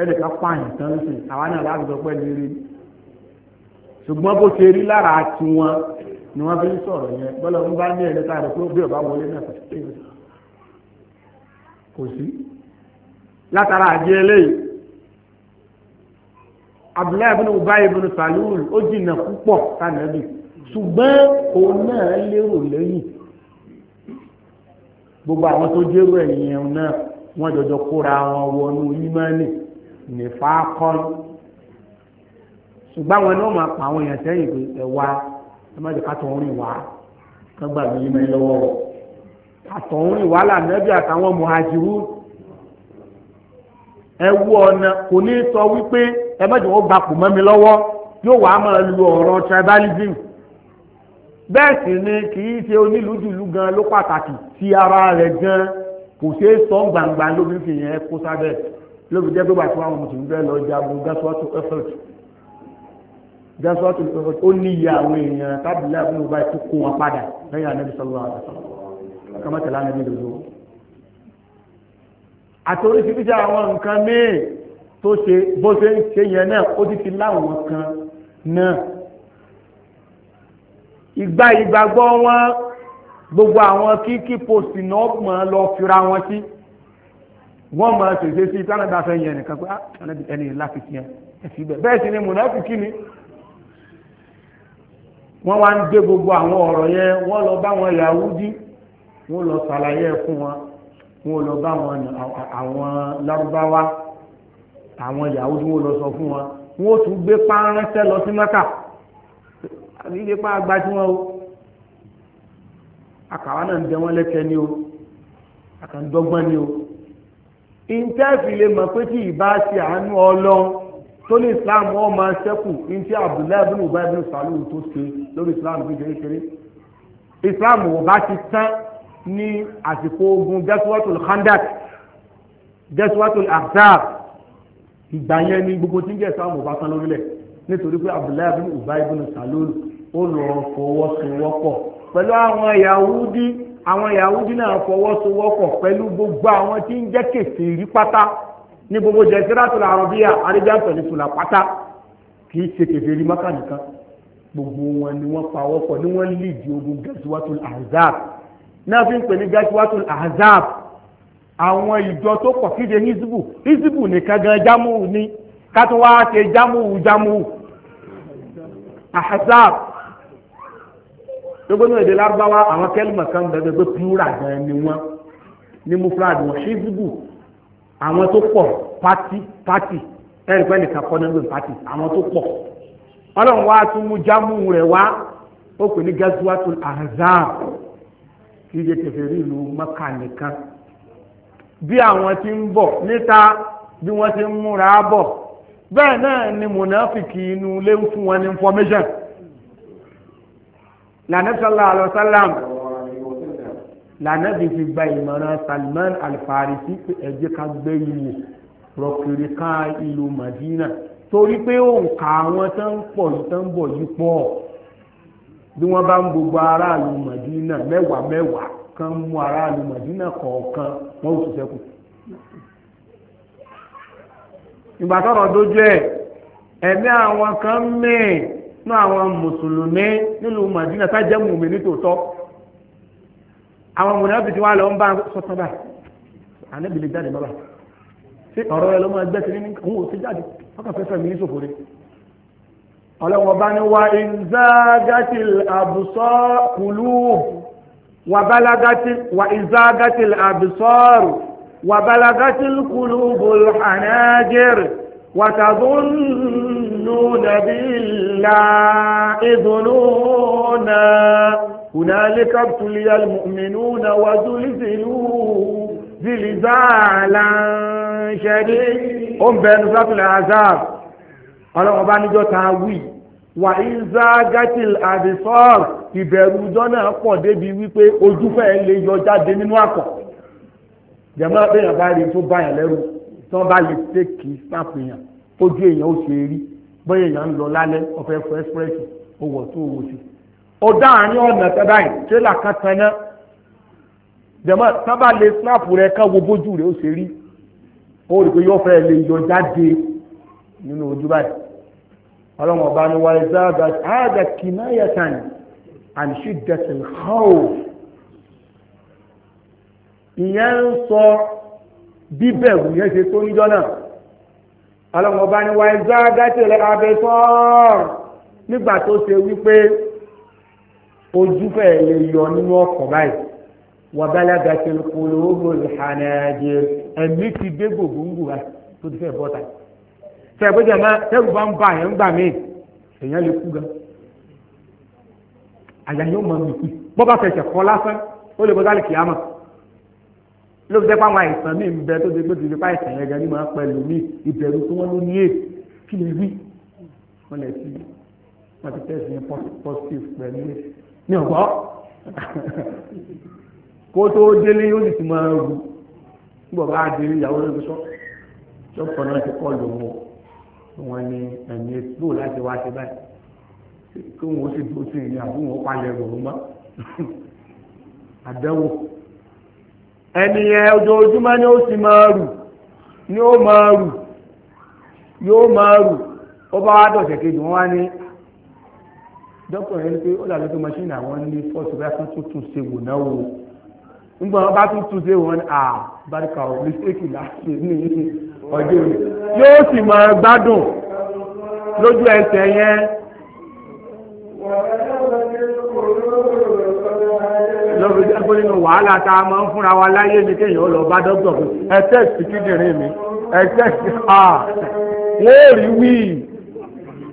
Speaker 2: ẹnì kan pààyàn tán lóṣù àwa náà bó ṣe rí lára tiwọn ni wọ́n fi ń sọ̀rọ̀ yẹn bọ́lá ń bá ní ẹni táyà pé bí ọba wọlé náà kò sí látara àjẹ eléyìí abdullahi bin ubayi bin salul ó jìnnà púpọ̀ sànàbì ṣùgbọ́n òun náà lérò lẹ́yìn gbogbo àwọn tó jẹ́rú ẹ̀yìn ẹ̀hún náà wọ́n jọjọ kóra wọn wọnú ìmánì nífà kọ́n ṣùgbọ́n àwọn náà máa pa àwọn èèyàn sẹ́yìn pé ẹ wá ẹ má jẹ́ ká tọ̀ ń rìn wá ìmọ̀ ẹ lọ́wọ́ àtọ̀húnrìn wàhálà àtàwọn mùhàjírù ẹ wú ọ̀nà kò ní sọ wípé ẹ má jẹ́ wọ́n gba kù mọ́ mi lọ́wọ́ yóò wá máa lu ọ̀rọ̀ tribalism bẹ́ẹ̀ sì ni kì í ṣe onílùjùlù gan ló pàtàkì ti ara rẹ̀ gan kò ṣeé sọ gbangba lóbi fi yẹn kó sábẹ́ lóbi jẹ́ pé bàtí wọn mùsùlùmí bẹ́ẹ̀ lọ jagun gaswato effort gaswato effort ó ní iye àwọn èèyàn tábìlì àbúrò báyìí tó kó wọn padà lẹ́yìn anábì sallallahu alaihi wasallam kọ́mọ́tẹ̀lá anábì lòdò àti oríṣiríṣi àwọn nǹkan míì tó ṣe bó ṣe ń ṣe yẹn náà ó ti fi láwọn kan náà ìgbà ìgbàgbọ́ wọn gbogbo àwọn kíkí posti náà mọ̀ lọ fira wọn sí wọ́n mọ̀ ṣèṣe sí tánàdà fẹ́ yẹn pé ah, ẹni láti fi yẹn ẹ̀sìn bẹ́ẹ̀ bẹ́ẹ̀ sì ni mùnáfíkí ni wọ́n wá ń gbé gbogbo àwọn ọ̀rọ̀ yẹn wọ́n lọ bá wọn Yahudi wọ́n lọ ṣàlàyé fún wọn wọ́n lọ bá wọn àwọn Lárúbáwá àwọn ìyàwó tí wọ́n lọ sọ fún wọn wọ́n tún gbé páránṣẹ́ lọ sí mẹ́kà àbí ilé pa àgbà tí wọ́n o àkàwá náà ń bẹ wọ́n lẹ́kẹ́ ni o àkàndọ́gbọ́n ni o ìńtẹ́ẹ̀fì lè mọ̀ pé tí ìbá ṣe àánú ọlọ́run tó ní islam wọn máa ṣẹ́kù ìntí abdullahi bin ubay bin salul tó ṣe lórí islam bí kékeré islam ò bá ti tán ní àsìkò ogun gẹ́sùwọ́tò khandak gẹ́sùwọ́tò ahzab ìgbà yẹn ni gbogbo tí ń jẹ́ ìsìlámù bá tán lórílẹ̀ nítorí pé abdullahi bin ubay salul ó lọ fọwọ́sowọ́pọ̀ pẹ̀lú àwọn yahudi àwọn yahudi náà fọwọ́sowọ́pọ̀ pẹ̀lú gbogbo àwọn tí ń jẹ́ kèfèrí pátá ní gbogbo jẹsíratula arabiya arijantọlifula pátá kì í ṣe kèfèrí maka nìkan gbogbo wọn ni wọ́n pawọ́pọ̀ ni wọ́n lè di ogun gasuwatul ahzab náà fi ń pè ní gasuwatul ahzab àwọn ìjọ tó pọ̀ síde hizbu hizbu nìkan gan jámù ni ká tó wá ṣe jámù jámù ahzab gbogbo náà èdè lárúbáwá àwọn kẹlìmọ̀ kan bẹ̀rẹ̀ pé plural gan ni wọ́n ní mufrad wọn hizbu àwọn tó pọ̀ pati pati ẹ̀rí pẹ́ nìkan kọ́ nínú pati àwọn tó pọ̀ ọlọ́run wá tún mú jámù rẹ̀ wá ó pè ní gazuwatul ahzab kí iye kẹfẹ́ rí ìlú mọ́kà nìkan bí àwọn ti ń bọ̀ níta bí wọ́n ti ń múra bọ̀ bẹ́ẹ̀ náà ni mùnàfìkì inú ilé ń fún wọn ní information lànàbísọ́lá alọ́sálàm lànàbí fi gba ìmọ̀ràn Salman Al-Farisi pé ẹ jẹ́ ká gbé ìwò rọ̀kiri ká ìlú Madina torí pé òǹkà àwọn tó ń pọ̀ tó ń bọ̀ yìí pọ̀ bí wọ́n bá ń gbogbo aráàlú Madina mẹ́wàá mẹ́wàá kan mú aráàlú mọ̀dínà kọ̀ọ̀kan wọ́n ó sì sẹ́kù ìgbà tọrọ dojú ẹ ẹ̀mí àwọn kan mẹ́ẹ̀ ní àwọn mùsùlùmí nílùú mọ̀dínà sájẹ́ mùmí nítòótọ́ àwọn mùnàbí tí wọ́n lọ ń bá sọ́tàn báyìí ànábìlẹ̀ jáde bábà sí ọ̀rọ̀ ẹ ló máa gbẹ́sẹ̀ nínú òun ò sí jáde ọkàn fẹ́fẹ́ mi ní ṣòfò rẹ̀ ọlọ́wọ́n bá ní wa ìzágátìl àbùsọ́ kùlù وبلغت وإزاغت الأبصار وبلغت القلوب الحناجر وتظنون بالله ظنونا هنالك ابتلي المؤمنون وزلزلوا زلزالا شديدا أم بين فتل العذاب ọlọ́wọ́ bá níjọ́ ta wà ń zá gátìl àdìsọ́ọ̀rù ìbẹ̀rù ọjọ́ náà pọ̀ débi wípé ojú fẹ́ lè yọ jáde nínú àkọ̀ jẹ̀mọ́ abẹ́yàn bá rí tó báyàn lẹ́rù tí wọ́n bá lè tẹ́kì sáfihàn ojú èèyàn ó ṣe rí bóyá èèyàn ń lọ lálẹ́ ọ̀fẹ́ fún ẹ́sírẹ́sì owó tó owó sí. ó dáhàárín ọ̀nà tẹ́lá yìí tẹ́lá kan tan náà jẹ̀mọ́ sábà lè sáàpù rẹ ká wo bójú rẹ ó ṣe rí ó rí pé yóò lè yọ jáde nínú ojú báyìí ọlọ́run ọba ni wà ìzáàbà àádà kìnnáyàtàn and shiddatil khawf ìyẹn ń sọ bíbẹ̀rù yẹn ṣe tó níjọ́ náà ọlọ́run ọba ni wà ìzáàbà tẹ̀lé abẹ́sọ́ọ̀rọ̀ nígbà tó ṣe wípé ojú fẹ́ lè yọ nínú ọkọ̀ báyìí wàbálàgàtì kòlóògbò ìhànàjẹ ẹ̀mí ti dé gbogbo ń gbùgbà tó ti fẹ́ bọ́ta yìí tẹ̀gbẹ́jẹ̀ máa tẹ́rù bá ń bá àyẹ̀ ń gbà mí èèyàn lè kú gan àyà yóò máa mìkú bọ́ bá fẹsẹ̀ kọ́ lásán ó lè bọ́ sálì kìámà ló fi jẹ́ pé àwọn àìsàn míì ń bẹ tó ṣe pé ti fi pa àìsàn yẹn gan ní máa pẹ̀lú ní ìbẹ̀rù tí wọ́n ló ní èè kí lè wí wọ́n lè fi wọ́n ti tẹ̀sí yẹn positive pẹ̀lú ní ọ̀gbọ́ kó tó délé yóò sì ti máa rú bọ̀ bá délé ìyàwó lóṣù sọ́ sọ́kùnrin náà ti kọ́ lòun o wọn ní ẹ̀mí bò láti wá sí báyìí kí wọn ó sì dúró sí ìyẹn àbí wọn ó palẹ̀ ẹ̀rọ mọ́ àdánwò ẹni yẹn ojoojúmọ́ ni ó sì máa rù ni ó máa rù yóò máa rù ó bá wá dọ̀sẹ̀ kejì wọn wá ní dókítà yẹn ni pé ó dàbí pé mọ́ṣínì àwọn ní fọ́ọ̀tù bá tún tún ṣe wò náà wò nígbà wọn bá tún tún ṣe wọn ni à ah, báríkà ò mistake láti ní ọjọ́ ìlú yóò sì máa gbádùn lójú ẹsẹ̀ yẹn. lọ́bi jẹ́ pé nínú wàhálà tá a máa ń fúnra wa láyé ni kéèyàn lọ bá dọ́gbọ̀n pé ẹ tẹ́sì kíndìnrín mi ẹ tẹ́sì à ah, wọ́n rí wíì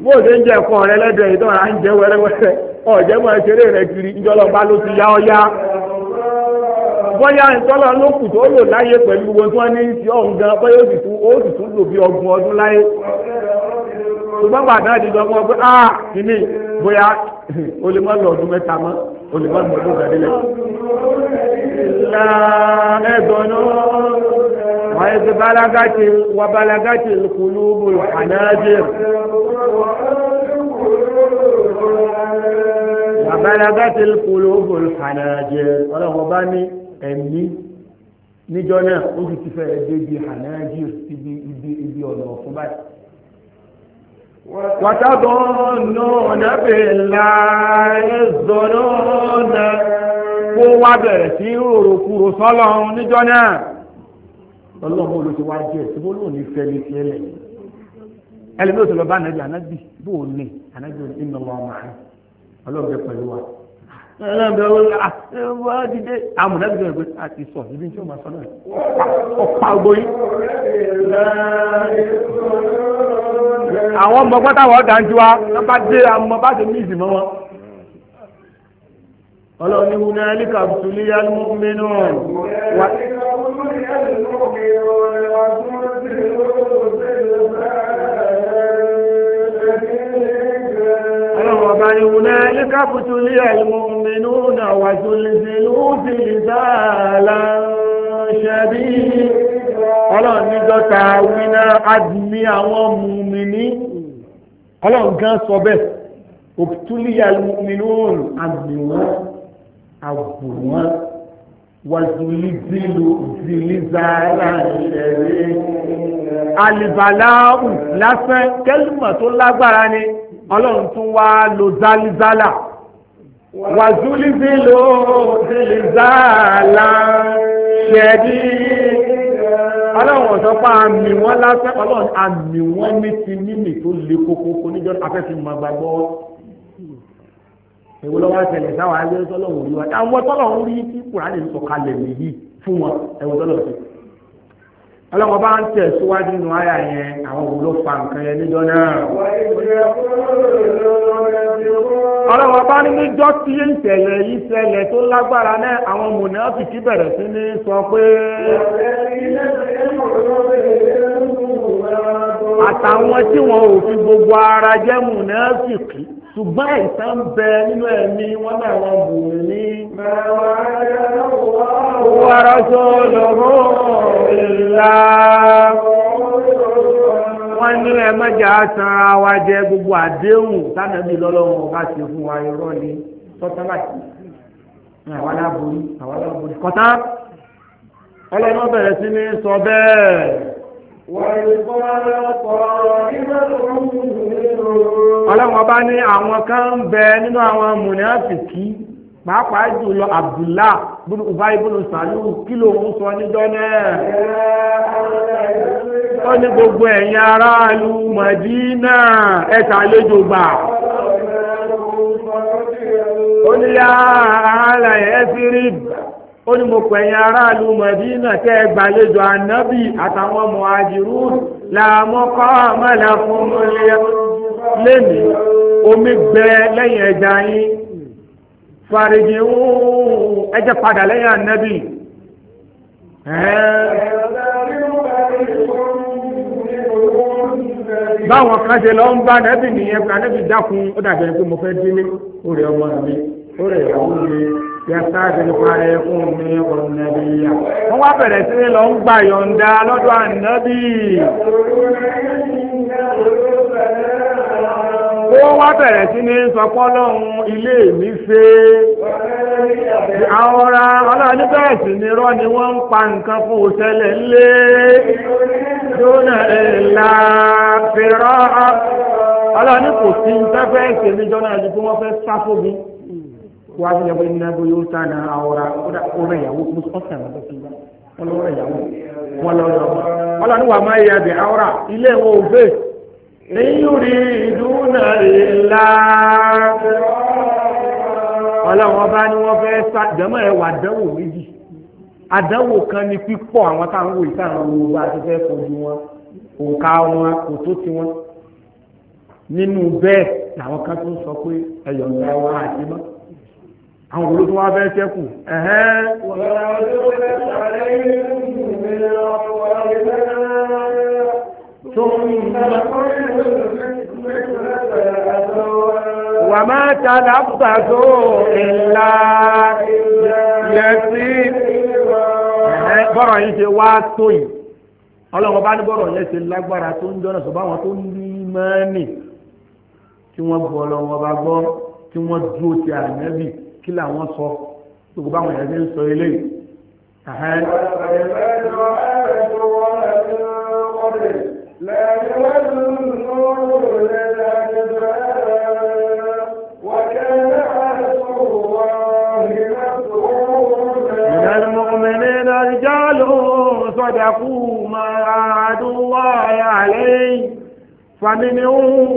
Speaker 2: bó o ṣe ń jẹ ẹ̀kọ́ rẹ lẹ́dọ̀ọ́ ìdọ́ra ń jẹ wẹ́rẹ́wẹ́rẹ́ ọ̀jẹ̀ máa ṣeré rẹ kiri ìjọba ló ti yá ọ yá bọ́yá ìtọ́lọ́ ló kù tó lò láyé pẹ̀lú gbogbo tí wọ́n ní ti ọ̀hún gan bọ́yá ó sì tún ó sì tún lò bí ọgbọ̀n ọdún láyé ṣùgbọ́n bàtà ti sọ fún ọ pé a ah, kìíní bóyá o lè má lọ ọdún mẹ́ta mọ́ o lè má lọ ọdún mẹ́ta lẹ́yìn.
Speaker 1: ìlànà ẹ̀gbọ́n náà wọ́n ti balagati
Speaker 2: wà balagati kulubu hanajir.
Speaker 1: wà balagati
Speaker 2: kulubu hanajir ọlọ́run bá ní ẹ̀mí níjọ́ náà ó sì ti fẹ́ débi hanajir ibi ibi ibi ọ̀nà ọ̀fun báyìí. wàtàbọ̀nù nàbẹ̀lá ẹ̀zọ̀nù nà kó wá bẹ̀rẹ̀ sí rorokuro sọ́lọ́run níjọ́ náà ọlọ́run ló ti wá jẹ́ ìṣubú lónìí fẹ́mi tiẹ̀ lẹ̀ ò sọ̀rọ̀ bá ànábì ànábì bó o ìnáwó ọmọ rẹ̀ ọlọ́run bẹ pẹ̀lú wa ẹlẹ́bẹ̀ ọwọ́ ah, dìde amúnẹ́bí rẹ̀ pé a ti sọ ibi tí ó máa sọ náà ọ̀pá ògbóyí.
Speaker 1: àwọn ọmọ pátáwọ̀ ọ̀dà ń ju wa wọ́n bá dé
Speaker 2: àmọ́ bá ti ní ìdìmọ́ wọn. ọlọ́run ní wúni alíkà
Speaker 1: ọlọ́run ọba ni wọn náà ní
Speaker 2: kápútù ní àìmọ̀ mẹ́nu náà wà tó lè ṣe lóòsì ìsáàlá ṣẹ́bí ọlọ́run níjọta wíná adìmí àwọn mùmìnì ọlọ́run gan sọ bẹ́ẹ̀ òtúlíyà mùmìnún àgbìwọ́n àgbìwọ́n wàzùlí zìlù zìlìzàrà ṣẹ̀rí alìbàláhù lásán kẹ́lùmọ̀ tó lágbára ni ọlọ́run tún wá lo zálízálà wàzúlíbí ló zálízálà ṣẹ̀dí ọlọ́run ọ̀sán pa àmì wọn lásán ọlọ́run àmì wọn ní ti mímì tó le koko kó níjọ́ afẹ́fẹ́ mọ̀ gbàgbọ́ èwo lọ́wọ́ àtẹ̀lẹ̀ sáwọn ayé tọ́lọ́run rí wa àwọn tọ́lọ́run rí tí kùránì sọ̀kalẹ̀ nìyí fún wọn ẹ̀wọ̀n tọ́lọ́run ọlọ́wọ́ bá ń tẹ̀ síwájú nù ayà yẹn àwọn òun ló fa nǹkan yẹn níjọ náà. ọlọ́wọ́ bá ní níjọ́ tí ìṣẹ̀lẹ̀ yìí ṣẹlẹ̀ tó lágbára náà àwọn mùnàfíkì bẹ̀rẹ̀ sí ní sọ pé.
Speaker 1: àtàwọn tí wọn ò
Speaker 2: fi gbogbo ara jẹ́ mùnàfíkì ṣùgbọ́n àìsàn ń bẹ nínú ẹ̀mí wọn náà wọn bù mí ní. mẹ́wàá yẹ wá wàrà tó
Speaker 1: lọ́rọ́ ìlà.
Speaker 2: wọ́n ní ẹ mẹ́jà sanra wa jẹ gbogbo àdéhùn tánàbí lọ́lọ́run ọba ṣe fún wa irọ́ ni sọ́tàláṣí. àwọn aláborí àwọn aláborí kọ́tà ọlọ́run bẹ̀rẹ̀ sí ní sọ bẹ́ẹ̀. Ọlọ́run ọba ní àwọn kan ń bẹ nínú àwọn mùnàfìkì pàápàá jùlọ Abdullah bùnú Ubay bùnú Sàlù kí ló ń sọ níjọ́ náà.
Speaker 1: Ó ní gbogbo ẹ̀yin aráàlú
Speaker 2: Màdínà ẹ ṣàlejò gbà.
Speaker 1: Ó ní yá àhálà ẹ̀ fi rí
Speaker 2: bà ó ní mo pẹ̀yìn aráàlú mọ̀dínà tẹ́ ẹ gbàlejò ànábì àtàwọn ọmọ àjìrú làmọ́kọ́ àmàlà fún mọ́lẹ́ lẹ́nu omi gbẹ lẹ́yìn ẹja yín fàrìjì ẹjẹ padà lẹ́yìn ànábì.
Speaker 1: báwọn kan ṣe lọ ń bá ànábì nìyẹn pé ànábì
Speaker 2: dákun ó dàbí ẹni pé mo fẹ́ dín ní orí ọmọ mi orí ìyàwó mi yàtàdìrì parẹ́ fún mi ọ̀nàbí yá. wọ́n wá bẹ̀rẹ̀ sí lọ ń gbà yọ̀ǹda lọ́dọ̀ ànábì. wọ́n wá bẹ̀rẹ̀ sí ní sọpọ́ lọ́hùn ilé mi ṣe. àwọ̀ra ọlọ́ọ̀ni bẹ́ẹ̀ sì ni irọ́ ni wọ́n ń pa nǹkan fún òṣẹlẹ̀ ńlé. jóná ẹ̀la fèrè ọlọ́ọ̀ni kò sí ń tẹ́fẹ́ ìṣèlú jọ́nà àdìgbò wọ́n fẹ́ sáfóbi wá sí ẹgbẹ́ iná bó yóò sá na àwòrà ó rẹ̀ ìyàwó mo sọ sàn lọ́dọ̀ sí wọn lọ́wọ́ rẹ̀ ìyàwó wọn lọ lọ wọn lọ ní wàá máa yẹ ẹbẹ àwòrà ilé wọn ò fẹ́. níyùrí ìdúnà ìlà ọlọ́wọ́n bá ní wọ́n fẹ́ sá jẹ́mọ́ ẹ̀ wà dánwò méjì àdánwò kan ní pípọ̀ àwọn táwọn wò ìta àwọn owó bá ti fẹ́ fojú wọn òǹkà wọn kò tó ti wọn nínú bẹ́ẹ̀ làwọn kan tó sọ pé ẹ̀yọ̀ ń lọ wá àti mọ́ àwọn olóòtú wá fẹ́ tẹ́kù ẹ̀hẹ́n wà máa tààdà pàtó
Speaker 1: ìlà yẹ̀sí bọ́rọ̀
Speaker 2: yìí ṣe wá tó yìí ọlọ́wọ́ bá ní bọ́rọ̀ yẹn ṣe lágbára tó ń jọ́nà sọ̀bá wọn tó ní mẹ́rin tí wọ́n gbọ́ lọ́wọ́ bá gbọ́ tí wọ́n dúró ti ànábì kí làwọn sọ gbogbo báwọn èèyàn ṣe ń sọ eléyìí.
Speaker 1: المؤمنين رجال
Speaker 2: صدقوا ما عادوا الله عليه فمنهم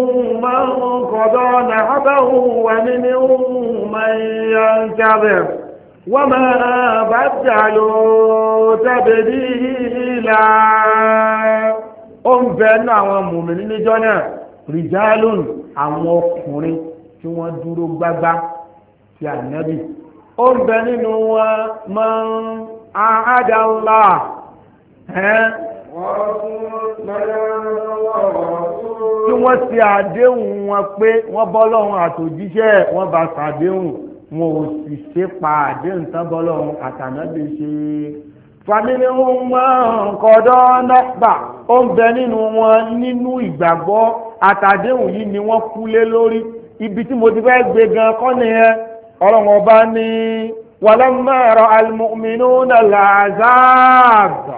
Speaker 2: من قضى نحبه ومنهم من ينتظر وما بدلوا تبديلا ó ń bẹ nínú àwọn mùmìnì níjọ́ náà rìjálùn àwọn ọkùnrin tí wọ́n dúró gbágbá ti ànábì ó ń bẹ nínú wọn mọ́ àádáńlá ẹ́ tí wọ́n ti àdéhùn wọn pé wọ́n bọ́lọ́run àtòjíṣẹ́ wọ́n bá ṣàdéhùn wọn ò sì ṣe pa àdéhùn tán bọ́lọ́run àtànábì ṣe. fàmílì ń máa ń kọ́dọ́ nọ́pà ó ń bẹ nínú wọn nínú ìgbàgbọ́ àtàdéhùn yìí ni wọ́n kú lé lórí ibi tí mo ti fẹ́ gbé gan kọ́ nìyẹn ọlọ́run ọba ní wàlámẹ́rọ almu'minuna làzáàbà.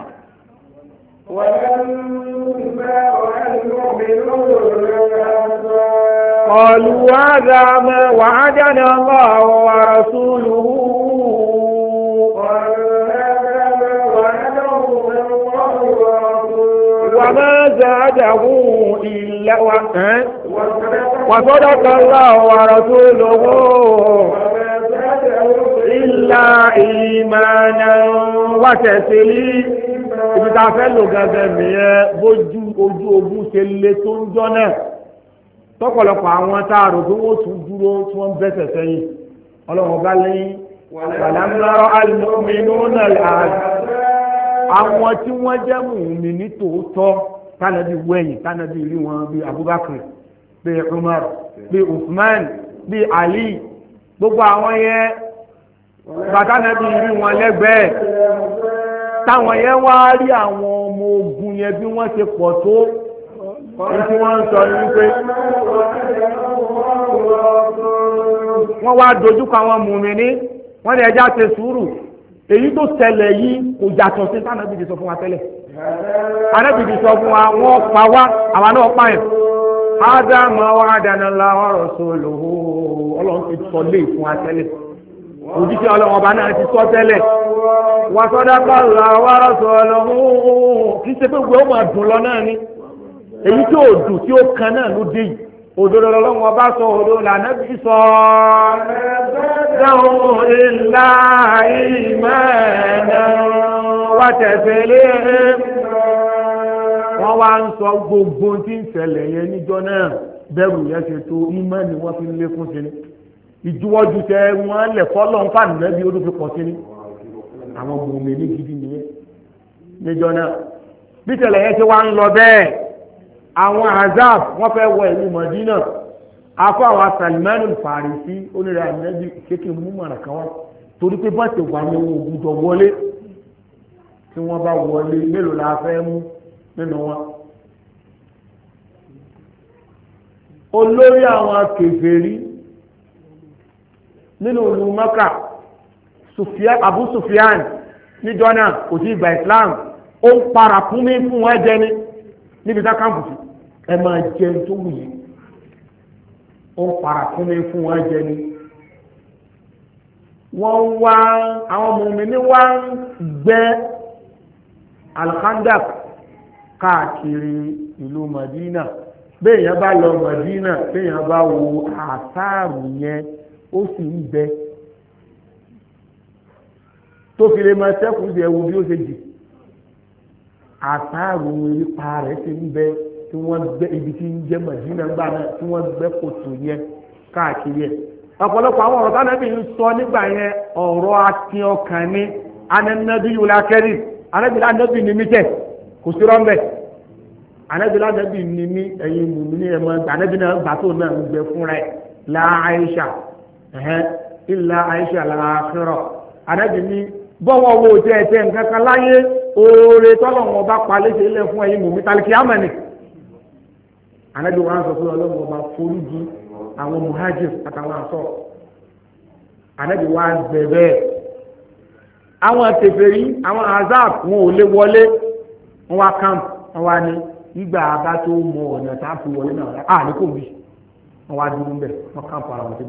Speaker 2: قالوا هذا ما وعدنا
Speaker 1: الله ورسوله وما
Speaker 2: زاده إلا وصدق الله ورسوله إلا إيمانا وتسليما ibi tá a fẹ́ lò gẹ́gẹ́ nìyẹn bójú ojú ogun ṣe le tó ń jọ náà tọ̀pọ̀lọpọ̀ àwọn tá a rò pé wọ́n tún dúró tí wọ́n bẹ́sẹ̀ sẹ́yìn ọlọ́run bá lẹ́yìn wàlámúlárọ̀ alùmínú náà láàrín àwọn tí wọ́n jẹ́ mùmí ní tòótọ́ tánàbí wẹ̀yìn tánàbí rí wọn bí Abubakar bí Umar bí Usman bí Ali gbogbo àwọn yẹn bàtánàbí rí wọn lẹ́gbẹ̀ẹ́ táwọn yẹn wá rí àwọn ọmọ ogun yẹn bí wọ́n ṣe pọ̀ tó tí wọ́n ń sọ ní wípé wọ́n wá dojúkọ àwọn mùmíní wọ́n ní ẹja ṣe sùúrù èyí tó ṣẹlẹ̀ yìí kò yàtọ̀ sí sànàbì sọ fún wa tẹ́lẹ̀ ànábì sọ fún wa wọ́n pa wá àwa náà pa yẹn ádámà wàdánilá ọ̀rọ̀ sọ̀lọ́ ọlọ́run ti sọ lé ìfún wa tẹ́lẹ̀ òjíṣẹ́ ọlọ́run ọba náà ti sọ tẹ́lẹ̀ wà sọ́dá kọ́lá wà rọ̀sọ̀ ọlọ́run kì í ṣe pé ọmọ àdùn lọ náà ni èyí tí ò dùn tí ó kan náà ló dé yìí òdodo lọ́wọ́ ọba sọ òdo lànà bí sọ dáhùn ilá ìmọ̀ẹ̀nà wà tẹ̀sẹ̀lẹ̀ wọ́n wá ń sọ gbogbo tí ń ṣẹlẹ̀ yẹn níjọ́ náà bẹ́rù yẹn ṣe tó ìmọ̀ ni wọ́n fi lékún sí ni ìjuwọ́jú tẹ wọ́n lẹ̀ fọ́lọ́ ń fà nílẹ̀ bí olùfi pọ̀ sí ni àwọn mòmí ní gidi nìyẹn níjọ náà bí tẹ̀lẹ̀ yẹn ti wá ń lọ bẹ́ẹ̀ àwọn azaf wọ́n fẹ́ wọ ìlú Mọ̀dínà afọ àwọn Salmanu Farisi onírẹ̀ àmì kéèké mú mọ̀nà kan wá torí pé bá ti wà ní wọn ògùn jọ wọlé tí wọ́n bá wọlé mélòó la fẹ́ mú nínú wọn. olórí àwọn kèfèrí nínú ìlú mọ́kà abu sufiyan níjọ́ náà kò sí ìgbà islam ó ń para fún mi fún wọn jẹ ní níbi tá kàmpùsì ẹ máa jẹ tó wù yìí ó ń para fún mi fún wọn jẹ ní wọ́n wá àwọn mùmíní wá ń gbẹ́ alkhandak káàkiri ìlú madina béèyàn bá lọ madina béèyàn bá wo àsáàrù yẹn ó sì ń bẹ tó fi lè máa sẹ́kù sí ẹwu bí ó ṣe jì àtàrò ipa rẹ̀ ti ń bẹ tí wọ́n gbẹ́ ibi tí ń jẹ́ mọ̀dínà gbà náà tí wọ́n gbẹ́ kòtò yẹn káàkiri ẹ̀ ọ̀pọ̀lọpọ̀ àwọn ọ̀rọ̀ tánàbí ń sọ nígbà yẹn ọ̀rọ̀ àti ọkàn ní anẹ́nẹ́bí yòlá kẹ́rì anẹ́bílá anẹ́bí ni mí tẹ̀ kò sí rọ́ńbẹ́ anẹ́bílá anẹ́bí ni mí ẹ̀yin mùmí ni ẹ̀ mọ́ anẹ́bí náà gbà tó náà ń gbẹ fúnra ẹ̀ láàáṣà ilà aisha làákìrọ̀ anábì ní bọ́wọ́ wo tẹ ẹ nǹkan kan láyé oore tọ́lọ̀ bá palẹ̀ ṣe lẹ̀ fún ẹyin mùmí wọn sọ ọba foríjì àwọn muhajir àtàwọn àṣọ anábì wọn bẹ̀bẹ̀ àwọn àwọn azab wọn ò lè wọlé wọn wá wọn wá ní a fi wọlé náà á ní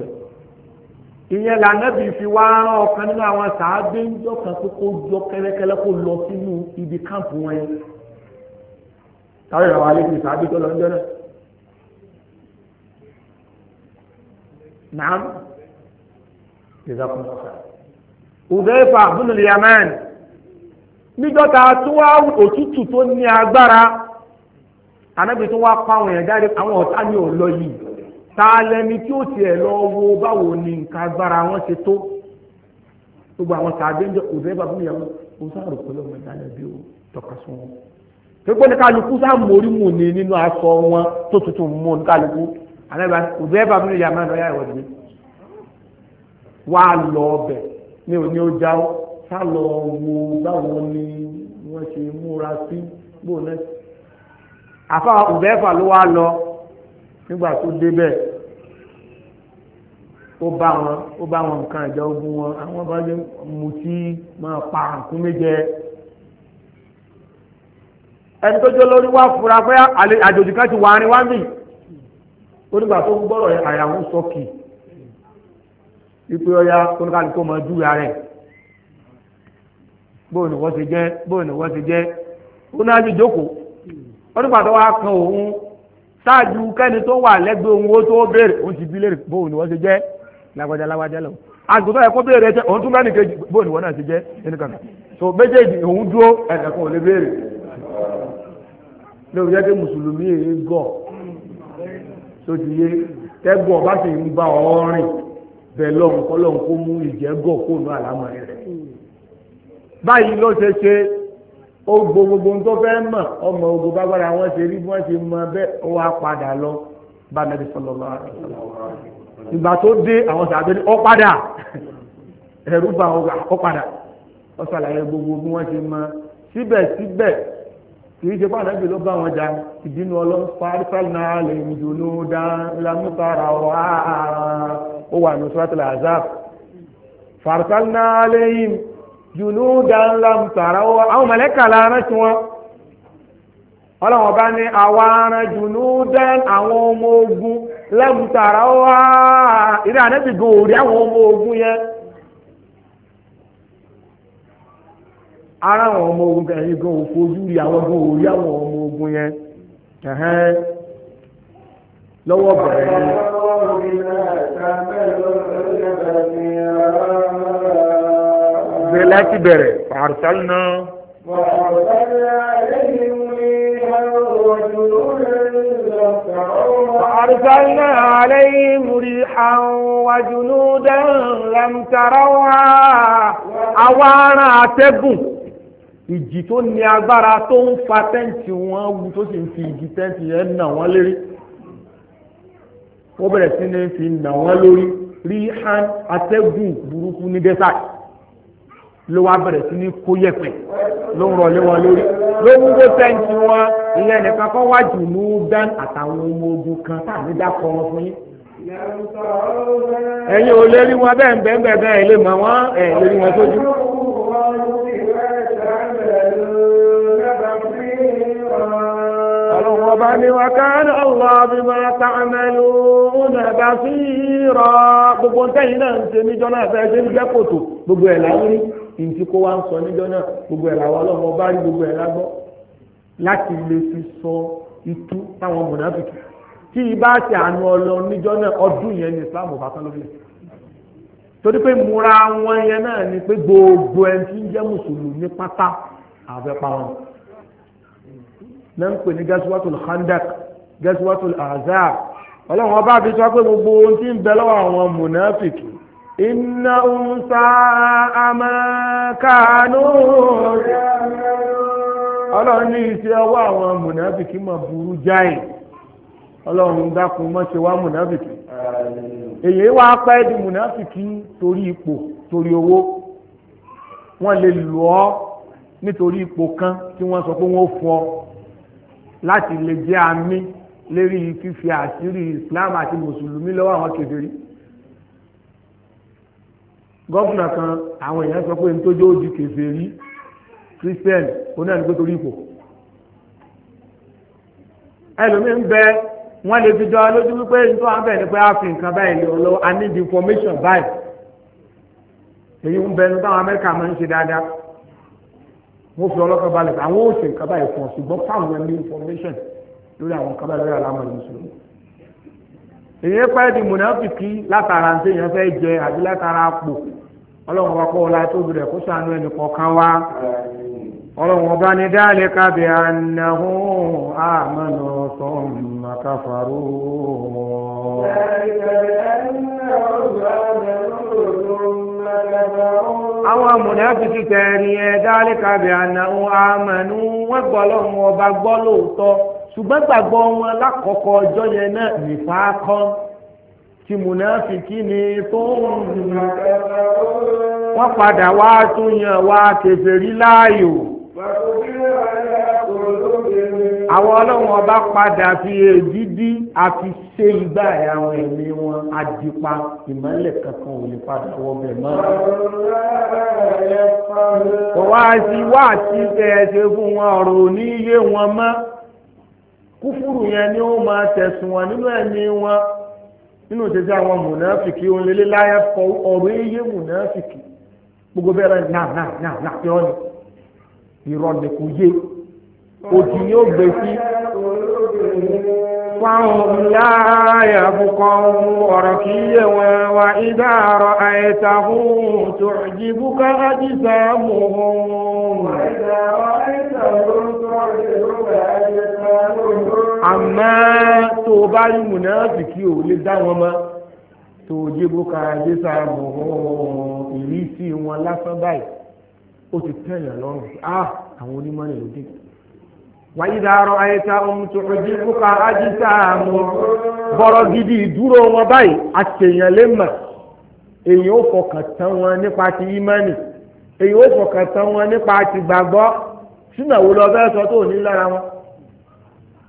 Speaker 2: ìyẹn lànàbì fi wá rán ọ̀kan nínú àwọn sàábé ń jọ kan pé kó jọ kẹ́lẹ́kẹ́lẹ́ kó lọ sínú ibi káàpù wọn yẹn táwọn ìràwọ̀ alẹ́ fi sàábé tó lọ ń jọ náà. nàám jazakumullahu khairan. Udayfa ibn al-Yaman níjọ́ta tó wá òtútù tó ní agbára anábì tó wá pa àwọn èèyàn àwọn ọ̀tá ni ò lọ yìí ta lẹni tí ó tiẹ̀ lọ wo báwo ni nǹkan agbára wọn ṣe tó gbogbo àwọn sàdé ń jẹ òdè bàbá mi yàwó o sáré pẹ̀lú ọmọ ìdáná bí o tọ́ka sún wọn. pípọ́ ní kálukú sá mórí mù ní nínú aṣọ wọn tó tuntun mú ní kálukú àlẹ́bà òdè bàbá mi yàwó náà yàwó ni wà á lọ ọbẹ̀ ní òní ó já ó sá lọ wo báwo ni wọ́n ṣe múra sí gbòòlẹ́sì. àfa òdè fà ló wá lọ nígbà tó débẹ̀ ó bá wọn ó bá wọn nǹkan ìjà ogun wọn àwọn bá lè mutí máa pa àkúnmí jẹ ẹni tó jẹ́ lórí wá fura pé àjòjì kan ti wà ní wáńbì ó nígbà tó ń gbọ́rọ̀ àyàwó sọ́kì ipe ọya oníkàlùkù máa júwe ara ẹ̀ bóun ni wọ́n ti jẹ́ bóun ni wọ́n ti jẹ́ ó náà ti jókòó ó nígbà tó wá kan òun ṣáájú kẹ́ni tó wà lẹ́gbẹ̀ẹ́ ohun ó tó béèrè ó ti bí bóun ni wọ́n ṣe jẹ́ lágbájá lágbájá lọ àgùntàn ẹ̀kọ́ béèrè ẹ̀ṣẹ̀ òun tún bẹ́ẹ̀ nìkan bóun ni wọ́n náà ṣe jẹ́ ẹnìkan kan so méjèèjì òun dúró ẹ̀ẹ̀kan ò lè béèrè lórí jẹ́ pé mùsùlùmí èyí gọ̀ tó ti yé tẹ́gbọ̀ bá sì ń bá ọ rìn lọ́nkọ́ lọ́nkọ́ mú ìjẹ́gọ̀ kóònù àlámọ̀ rẹ̀ báyìí ló ṣe ṣe ó gbo gbogbo ń tó fẹ́ mọ̀ ọmọ ogun bágbára wọn ṣe rí bí wọ́n ṣe mọ bẹ́ẹ̀ ó wá padà lọ bá nàbí sọlọ́lá ìgbà tó dé àwọn sàbẹ̀ ní ó padà ẹ̀rú bá ó padà ó ṣàlàyé gbogbo bí wọ́n ṣe mọ síbẹ̀síbẹ̀ kìí ṣe fún ànábì ló bá wọn jà ìbínú ọlọ́run fárífàlì náà lè ń dùnú dá lámúkàrà wá ó wà ní sọ́tìlà azaf fárífàlì lè yìí jùlúdà ńlá mùtàrà wọ́n àwọn mọ̀lẹ́kà láàárọ̀ tí wọ́n ọba ní àwa ara jùlúdà àwọn ọmọ ogun lẹ́mùtàrà wá ìdí ànẹ́bí gòòrí àwọn ọmọ ogun yẹn ara ọmọ ogun kẹrin gan ò fojú rí àwọn àwọn ọmọ ogun yẹn
Speaker 1: pé láti bẹ̀rẹ̀
Speaker 2: fàrùsálù náà.
Speaker 1: فأرسلنا عليهم ريحا وجنودا
Speaker 2: لم تروها
Speaker 1: àwárá atẹ́gùn
Speaker 2: ìjì tó ní agbára tó ń fa tẹ́ǹtì wọn wù tó sì ń fi ìjì tẹ́ǹtì yẹn nà wọ́n lérí wọ́n bẹ̀rẹ̀ sí ní fi nà wọ́n lórí rí han atẹ́gùn burúkú ní desert ló wá bẹ̀rẹ̀ sí ní kó yẹ̀pẹ̀ ló ń rọlé wọn lórí ló ń gbó tẹ́ǹtì wọn ilé nìkan kan wá jù ní dan àtàwọn ọmọ ogun kan tá à ní dákọ̀ wọn fún yín.
Speaker 1: ẹ̀yin ò lè rí wọn bẹ́ẹ̀ bẹ́ẹ̀ bẹ́ẹ̀ bẹ́ẹ̀ lè mọ̀ wọ́n ẹ̀ lè rí wọn sójú. ọba ni wọn ká ní ọlọ́ọ̀bí
Speaker 2: máa ta àmẹ́lú ọ̀nàdà sí rọ gbogbo ntẹ́yìn náà ń ṣe níjọ́ náà fẹ́ẹ́ ṣe ń jẹ́ kòtò gbogbo ẹ̀ láyé ìdí kó wá ń sọ níjọ́ náà gbogbo ẹ̀ làwọn ọlọ́mọ bá rí gbogbo ẹ̀ lágbọ́ láti lè fi sọ itú táwọn mùnàfíkì tí ibà ṣe àánú ọlọ níjọ́ náà ọdún yẹn ní Islam ò bá tán lórílẹ̀ torí pé múra wọn yẹn náà ni pé gbogbo ẹni tí ń jẹ́ mùsùlùmí pátá àfẹ́pá wọn náà ń pè ní gasuwatul khandak gasuwatul azar ọlọ́run ọba àbí pé gbogbo ohun tí ń bẹ lọ́wọ́ àwọn mùnàfíkì إنهم ساء ما كانوا ọlọ́run ní iṣẹ́ ọwọ́ àwọn mùnàbìkì máa burú jáì ọlọ́run dákun má ṣe wá mùnàbìkì èyí wá pẹ́ di mùnàbìkì torí ipò torí owó wọ́n lè lù ọ́ nítorí ipò kan tí wọ́n sọ pé wọ́n fún ọ láti lè jẹ́ àmì lérí fífi àṣírí Islam àti mùsùlùmí lọ́wọ́ àwọn kèfèrí gọ́fúnà kan àwọn èèyàn sọ pé n tó jó ojú kèfè rí christian onáà ní pé torí ipò ẹlòmíín bẹ wọn lè fi jọ lójú wípé n tó abẹ ní pé a fi nǹkan báyìí lè lọ i need information báyìí èyí ń bẹnu táwọn amẹ́ríkà máa ń ṣe dáadáa mo fi ọlọ́kọ̀ balẹ̀ àwọn òsè nǹkan báyìí fún ọ ṣùgbọ́n fáwọn ẹni information lórí àwọn nǹkan báyìí lórí àlámọ̀ ìmùsùlùmí. èyàn pẹ́ di mùnàfìkì látara ń sèyàn fẹ́ jẹ àbí látara pò ọlọ́run ọba kọ́ ọ láti rẹ̀ kó sànú ẹnì kọ̀ọ̀kan wá ọlọ́run ọba ní dáàlẹ́ kábẹ́ ànáhù àmọ́nà sọ́ọ̀mù àkàfàrò.
Speaker 1: àwọn mùnàfìkì
Speaker 2: tẹ̀rí ẹ̀ dáàlẹ́ kábẹ́ ànáhù wọ́n gbọ́ ọlọ́run ọba gbọ́ lóòótọ́. ṣùgbọ́n gbàgbọ́ wọn lákọ̀ọ́kọ́ ọjọ́ yẹn náà nìfà kan tí mùnáfìkì ni tó ń wọ́n padà wá tún yàn wá kèfèrí láàyò.
Speaker 1: àwọn ọlọ́run ọba padà
Speaker 2: fi èdídí àti ṣe ìgbà àwọn ẹ̀mí wọn àdìpa ìmọ̀lẹ̀ kankan ò lè padà wọ́n bẹ̀ mọ́.
Speaker 1: kò wá sí wá
Speaker 2: àti tẹ̀ ṣe fún wọn ọ̀rọ̀ ò ní yé wọn mọ́ kúfúrú yẹn ni ó máa tẹ̀sùn wọn nínú ẹ̀mí wọn nínú ìṣesí àwọn mùnáfìkì òǹlélẹ́ láyé kọ ọ̀rọ̀ eyé mùnáfìkì gbogbo bẹ́ẹ̀ náà náà náà náà fi ni ìrọ̀lẹ́ yé òdì ni ó gbé sí.
Speaker 1: فهم لا يفقهوا ركيا وإذا رأيتهم تعجبك أجسامهم وإذا رأيتهم تعجبك أجسامهم àmọ́
Speaker 2: tó o bá rí mùnáfìkì ò lè dá wọn mọ́ tó o jí bóka jésà bọ̀hún ìrísí wọn lásán báyìí ó ti tẹ̀yàn lọ́rùn ah àwọn onímọ̀ nìlódé wàyídà arọ ayẹta ọmọtòkòjì fúkà ajísà àmọ bọ̀rọ̀ gidi ìdúró wọn báyìí àtẹ̀yàn lè mọ̀ èyàn ó fọkàn tán wọn nípa ti ímánì èyàn ó fọkàn tán wọn nípa ti gbàgbọ́ sínú àwọn olùọ́fẹ́ sọ tó ní lára wọn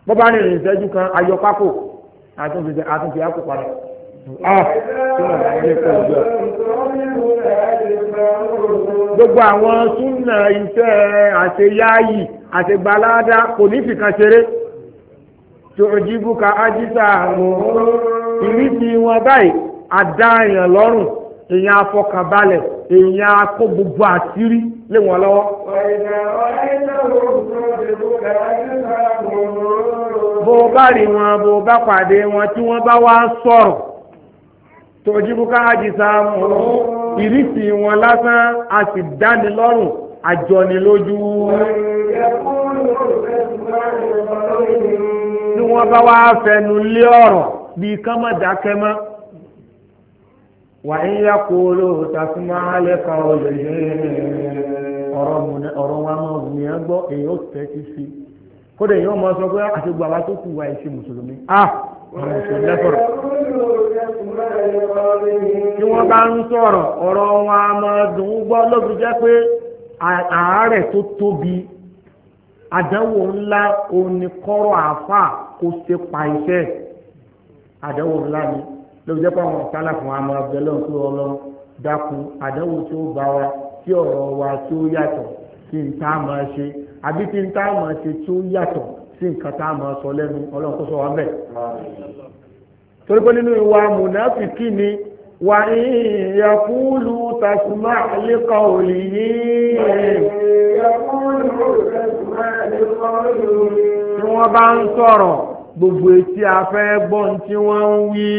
Speaker 2: bọ́bá ní ìrìn ìṣẹ́jú kan ayọ pákó àtúnfi àpò padà. Ah,
Speaker 1: gbogbo àwọn
Speaker 2: súnà iṣẹ́ àṣeyáyì àti gbalada kò ní fìkan ṣeré tòjìbù ka ajísà ìrísí wọn báyìí àdá èèyàn lọ́rùn èèyàn afọkànbalẹ̀ èèyàn akó gbogbo àṣírí lé wọn lọ́wọ́.
Speaker 1: bó o bá rí
Speaker 2: wọn bó o bá pàdé wọn tí wọ́n bá wá sọ̀rọ̀ tòjìbù ka ajísà ìrísí wọn lásán a sì àjọnilójú
Speaker 1: tí wọ́n bá wá
Speaker 2: fẹnu lé ọ̀rọ̀ bíi kán mọ̀ dákẹ́ mọ́ wà ń yá kóró tàfimá lẹ́ka ọ̀lẹ̀ ọ̀rọ̀ wa máa wù yẹn gbọ́ èyí ó tẹ́ ti fi kódà èyí ó máa sọ pé ah, àṣegbà wa tó kù wà ìṣe mùsùlùmí ah, mùsùlùmí lẹ́sọ̀rọ̀
Speaker 1: wọ́n bá ń sọ̀rọ̀
Speaker 2: ọ̀rọ̀ wa máa dùn ún gbọ́ lóbi jẹ́ pé àárẹ̀ tó tóbi àdánwò ńlá oníkọ́rọ̀ àáfà kó ṣe pa iṣẹ́ àdánwò ńlá ni lóbi jẹ́ pé àwọn ọ̀tálà fún wa máa bẹ lọ́n pé ọlọ́ dákun àdánwò tí ó bá wa tí ọ̀rọ̀ wa tí ó yàtọ̀ sí n a máa ṣe àbí tí n a máa ṣe tí ó yàtọ̀ sí nǹkan tá a máa sọ lẹ́nu ọlọ́run kó sọ wa bẹ́ẹ̀. torí pé nínú ìwà mùnàfíkì ni wà ìyàkúlù. تسمع لقوله tí wọ́n bá ń sọ̀rọ̀ gbogbo etí a fẹ́ gbọ́n tí wọ́n ń wí.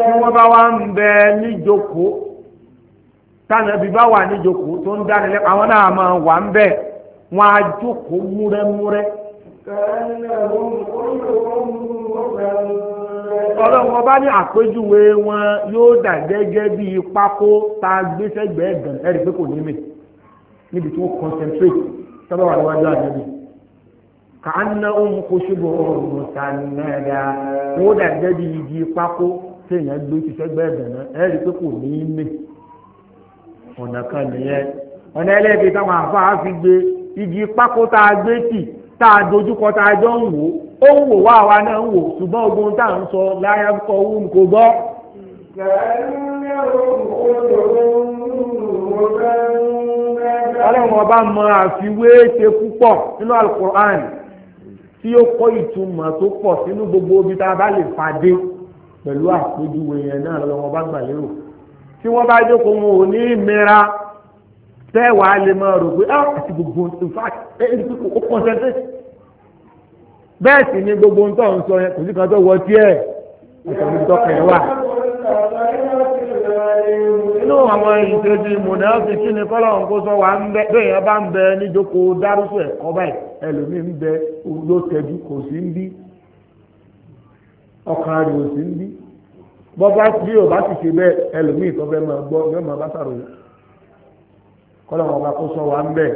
Speaker 1: tí wọ́n bá wá
Speaker 2: ń bẹ níjókòó tánàbí bá wà níjókòó tó ń dáni lẹ́kọ̀ọ́ àwọn náà máa wà ń bẹ̀ wọ́n á jókòó múrẹ́múrẹ́ ọlọ́run ọba ní àpéjúwe wọn yóò dà gẹ́gẹ́ bí pákó tá a gbé sẹ́gbẹ̀ẹ́ gan ẹ̀rí pé kò ní mì níbi tí wọ́n concentrate sábà wà níwájú àjẹbí kàánà òun kò ṣubú ọ̀rùn sànàdà wọ́n dà gẹ́gẹ́ bí igi pákó téèyàn gbé ti sẹ́gbẹ̀ẹ́ gan ẹ̀rí pé kò ní mì ọ̀nà kan nìyẹn ọ̀nà ẹlẹ́gbẹ̀ẹ́ táwọn àfáà fi gbé igi pákó tá a gbé tì tá a dojúkọ tá a jọ ń wò ó ń wò wá wa náà ń wò ṣùgbọ́n ogun tá à ń sọ láyà kọ owó kò gbọ́. ọlọ́run ọba mọ àfiwé ṣe púpọ̀ nínú alukur'an tí ó kọ́ ìtumọ̀ tó pọ̀ sínú gbogbo ibi tá a bá lè pàdé pẹ̀lú àpéjúwe yẹn náà lọ́wọ́ bá gbà lérò tí wọ́n bá jókòó wọn ò ní ìmẹ́ra tẹ́wàá lè máa rò pé ah àti gbogbo in fact ẹni tó kò concentrate bẹ́ẹ̀ sì ni gbogbo ń tọ̀ ń sọ yẹn kò sí kan tó wọ tiẹ̀ ìtọ́jú tọkàn wà.
Speaker 1: inú àwọn ìṣèjì mùnàfíkì
Speaker 2: ni kọ́lọ́hún kó sọ wà ń bẹ bẹ́ẹ̀ yẹn bá ń bẹ níjókòó dárúkọ ẹ̀kọ́ báyìí ẹlòmíì ń bẹ ló tẹ̀jú kò sí ń bí ọkàn rẹ̀ ò sí ń bí bọ́bá bí ò bá sì ṣe bẹ́ẹ̀ ẹlòmíì tó fẹ́ máa gbọ́ bẹ́ẹ̀ máa bá sàròyìn ọlọ́wọ́n ọba kó sọ wà ń bẹ̀.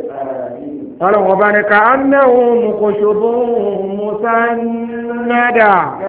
Speaker 2: ọlọ́wọ́n ọba ní ká annáhum kò ṣòbó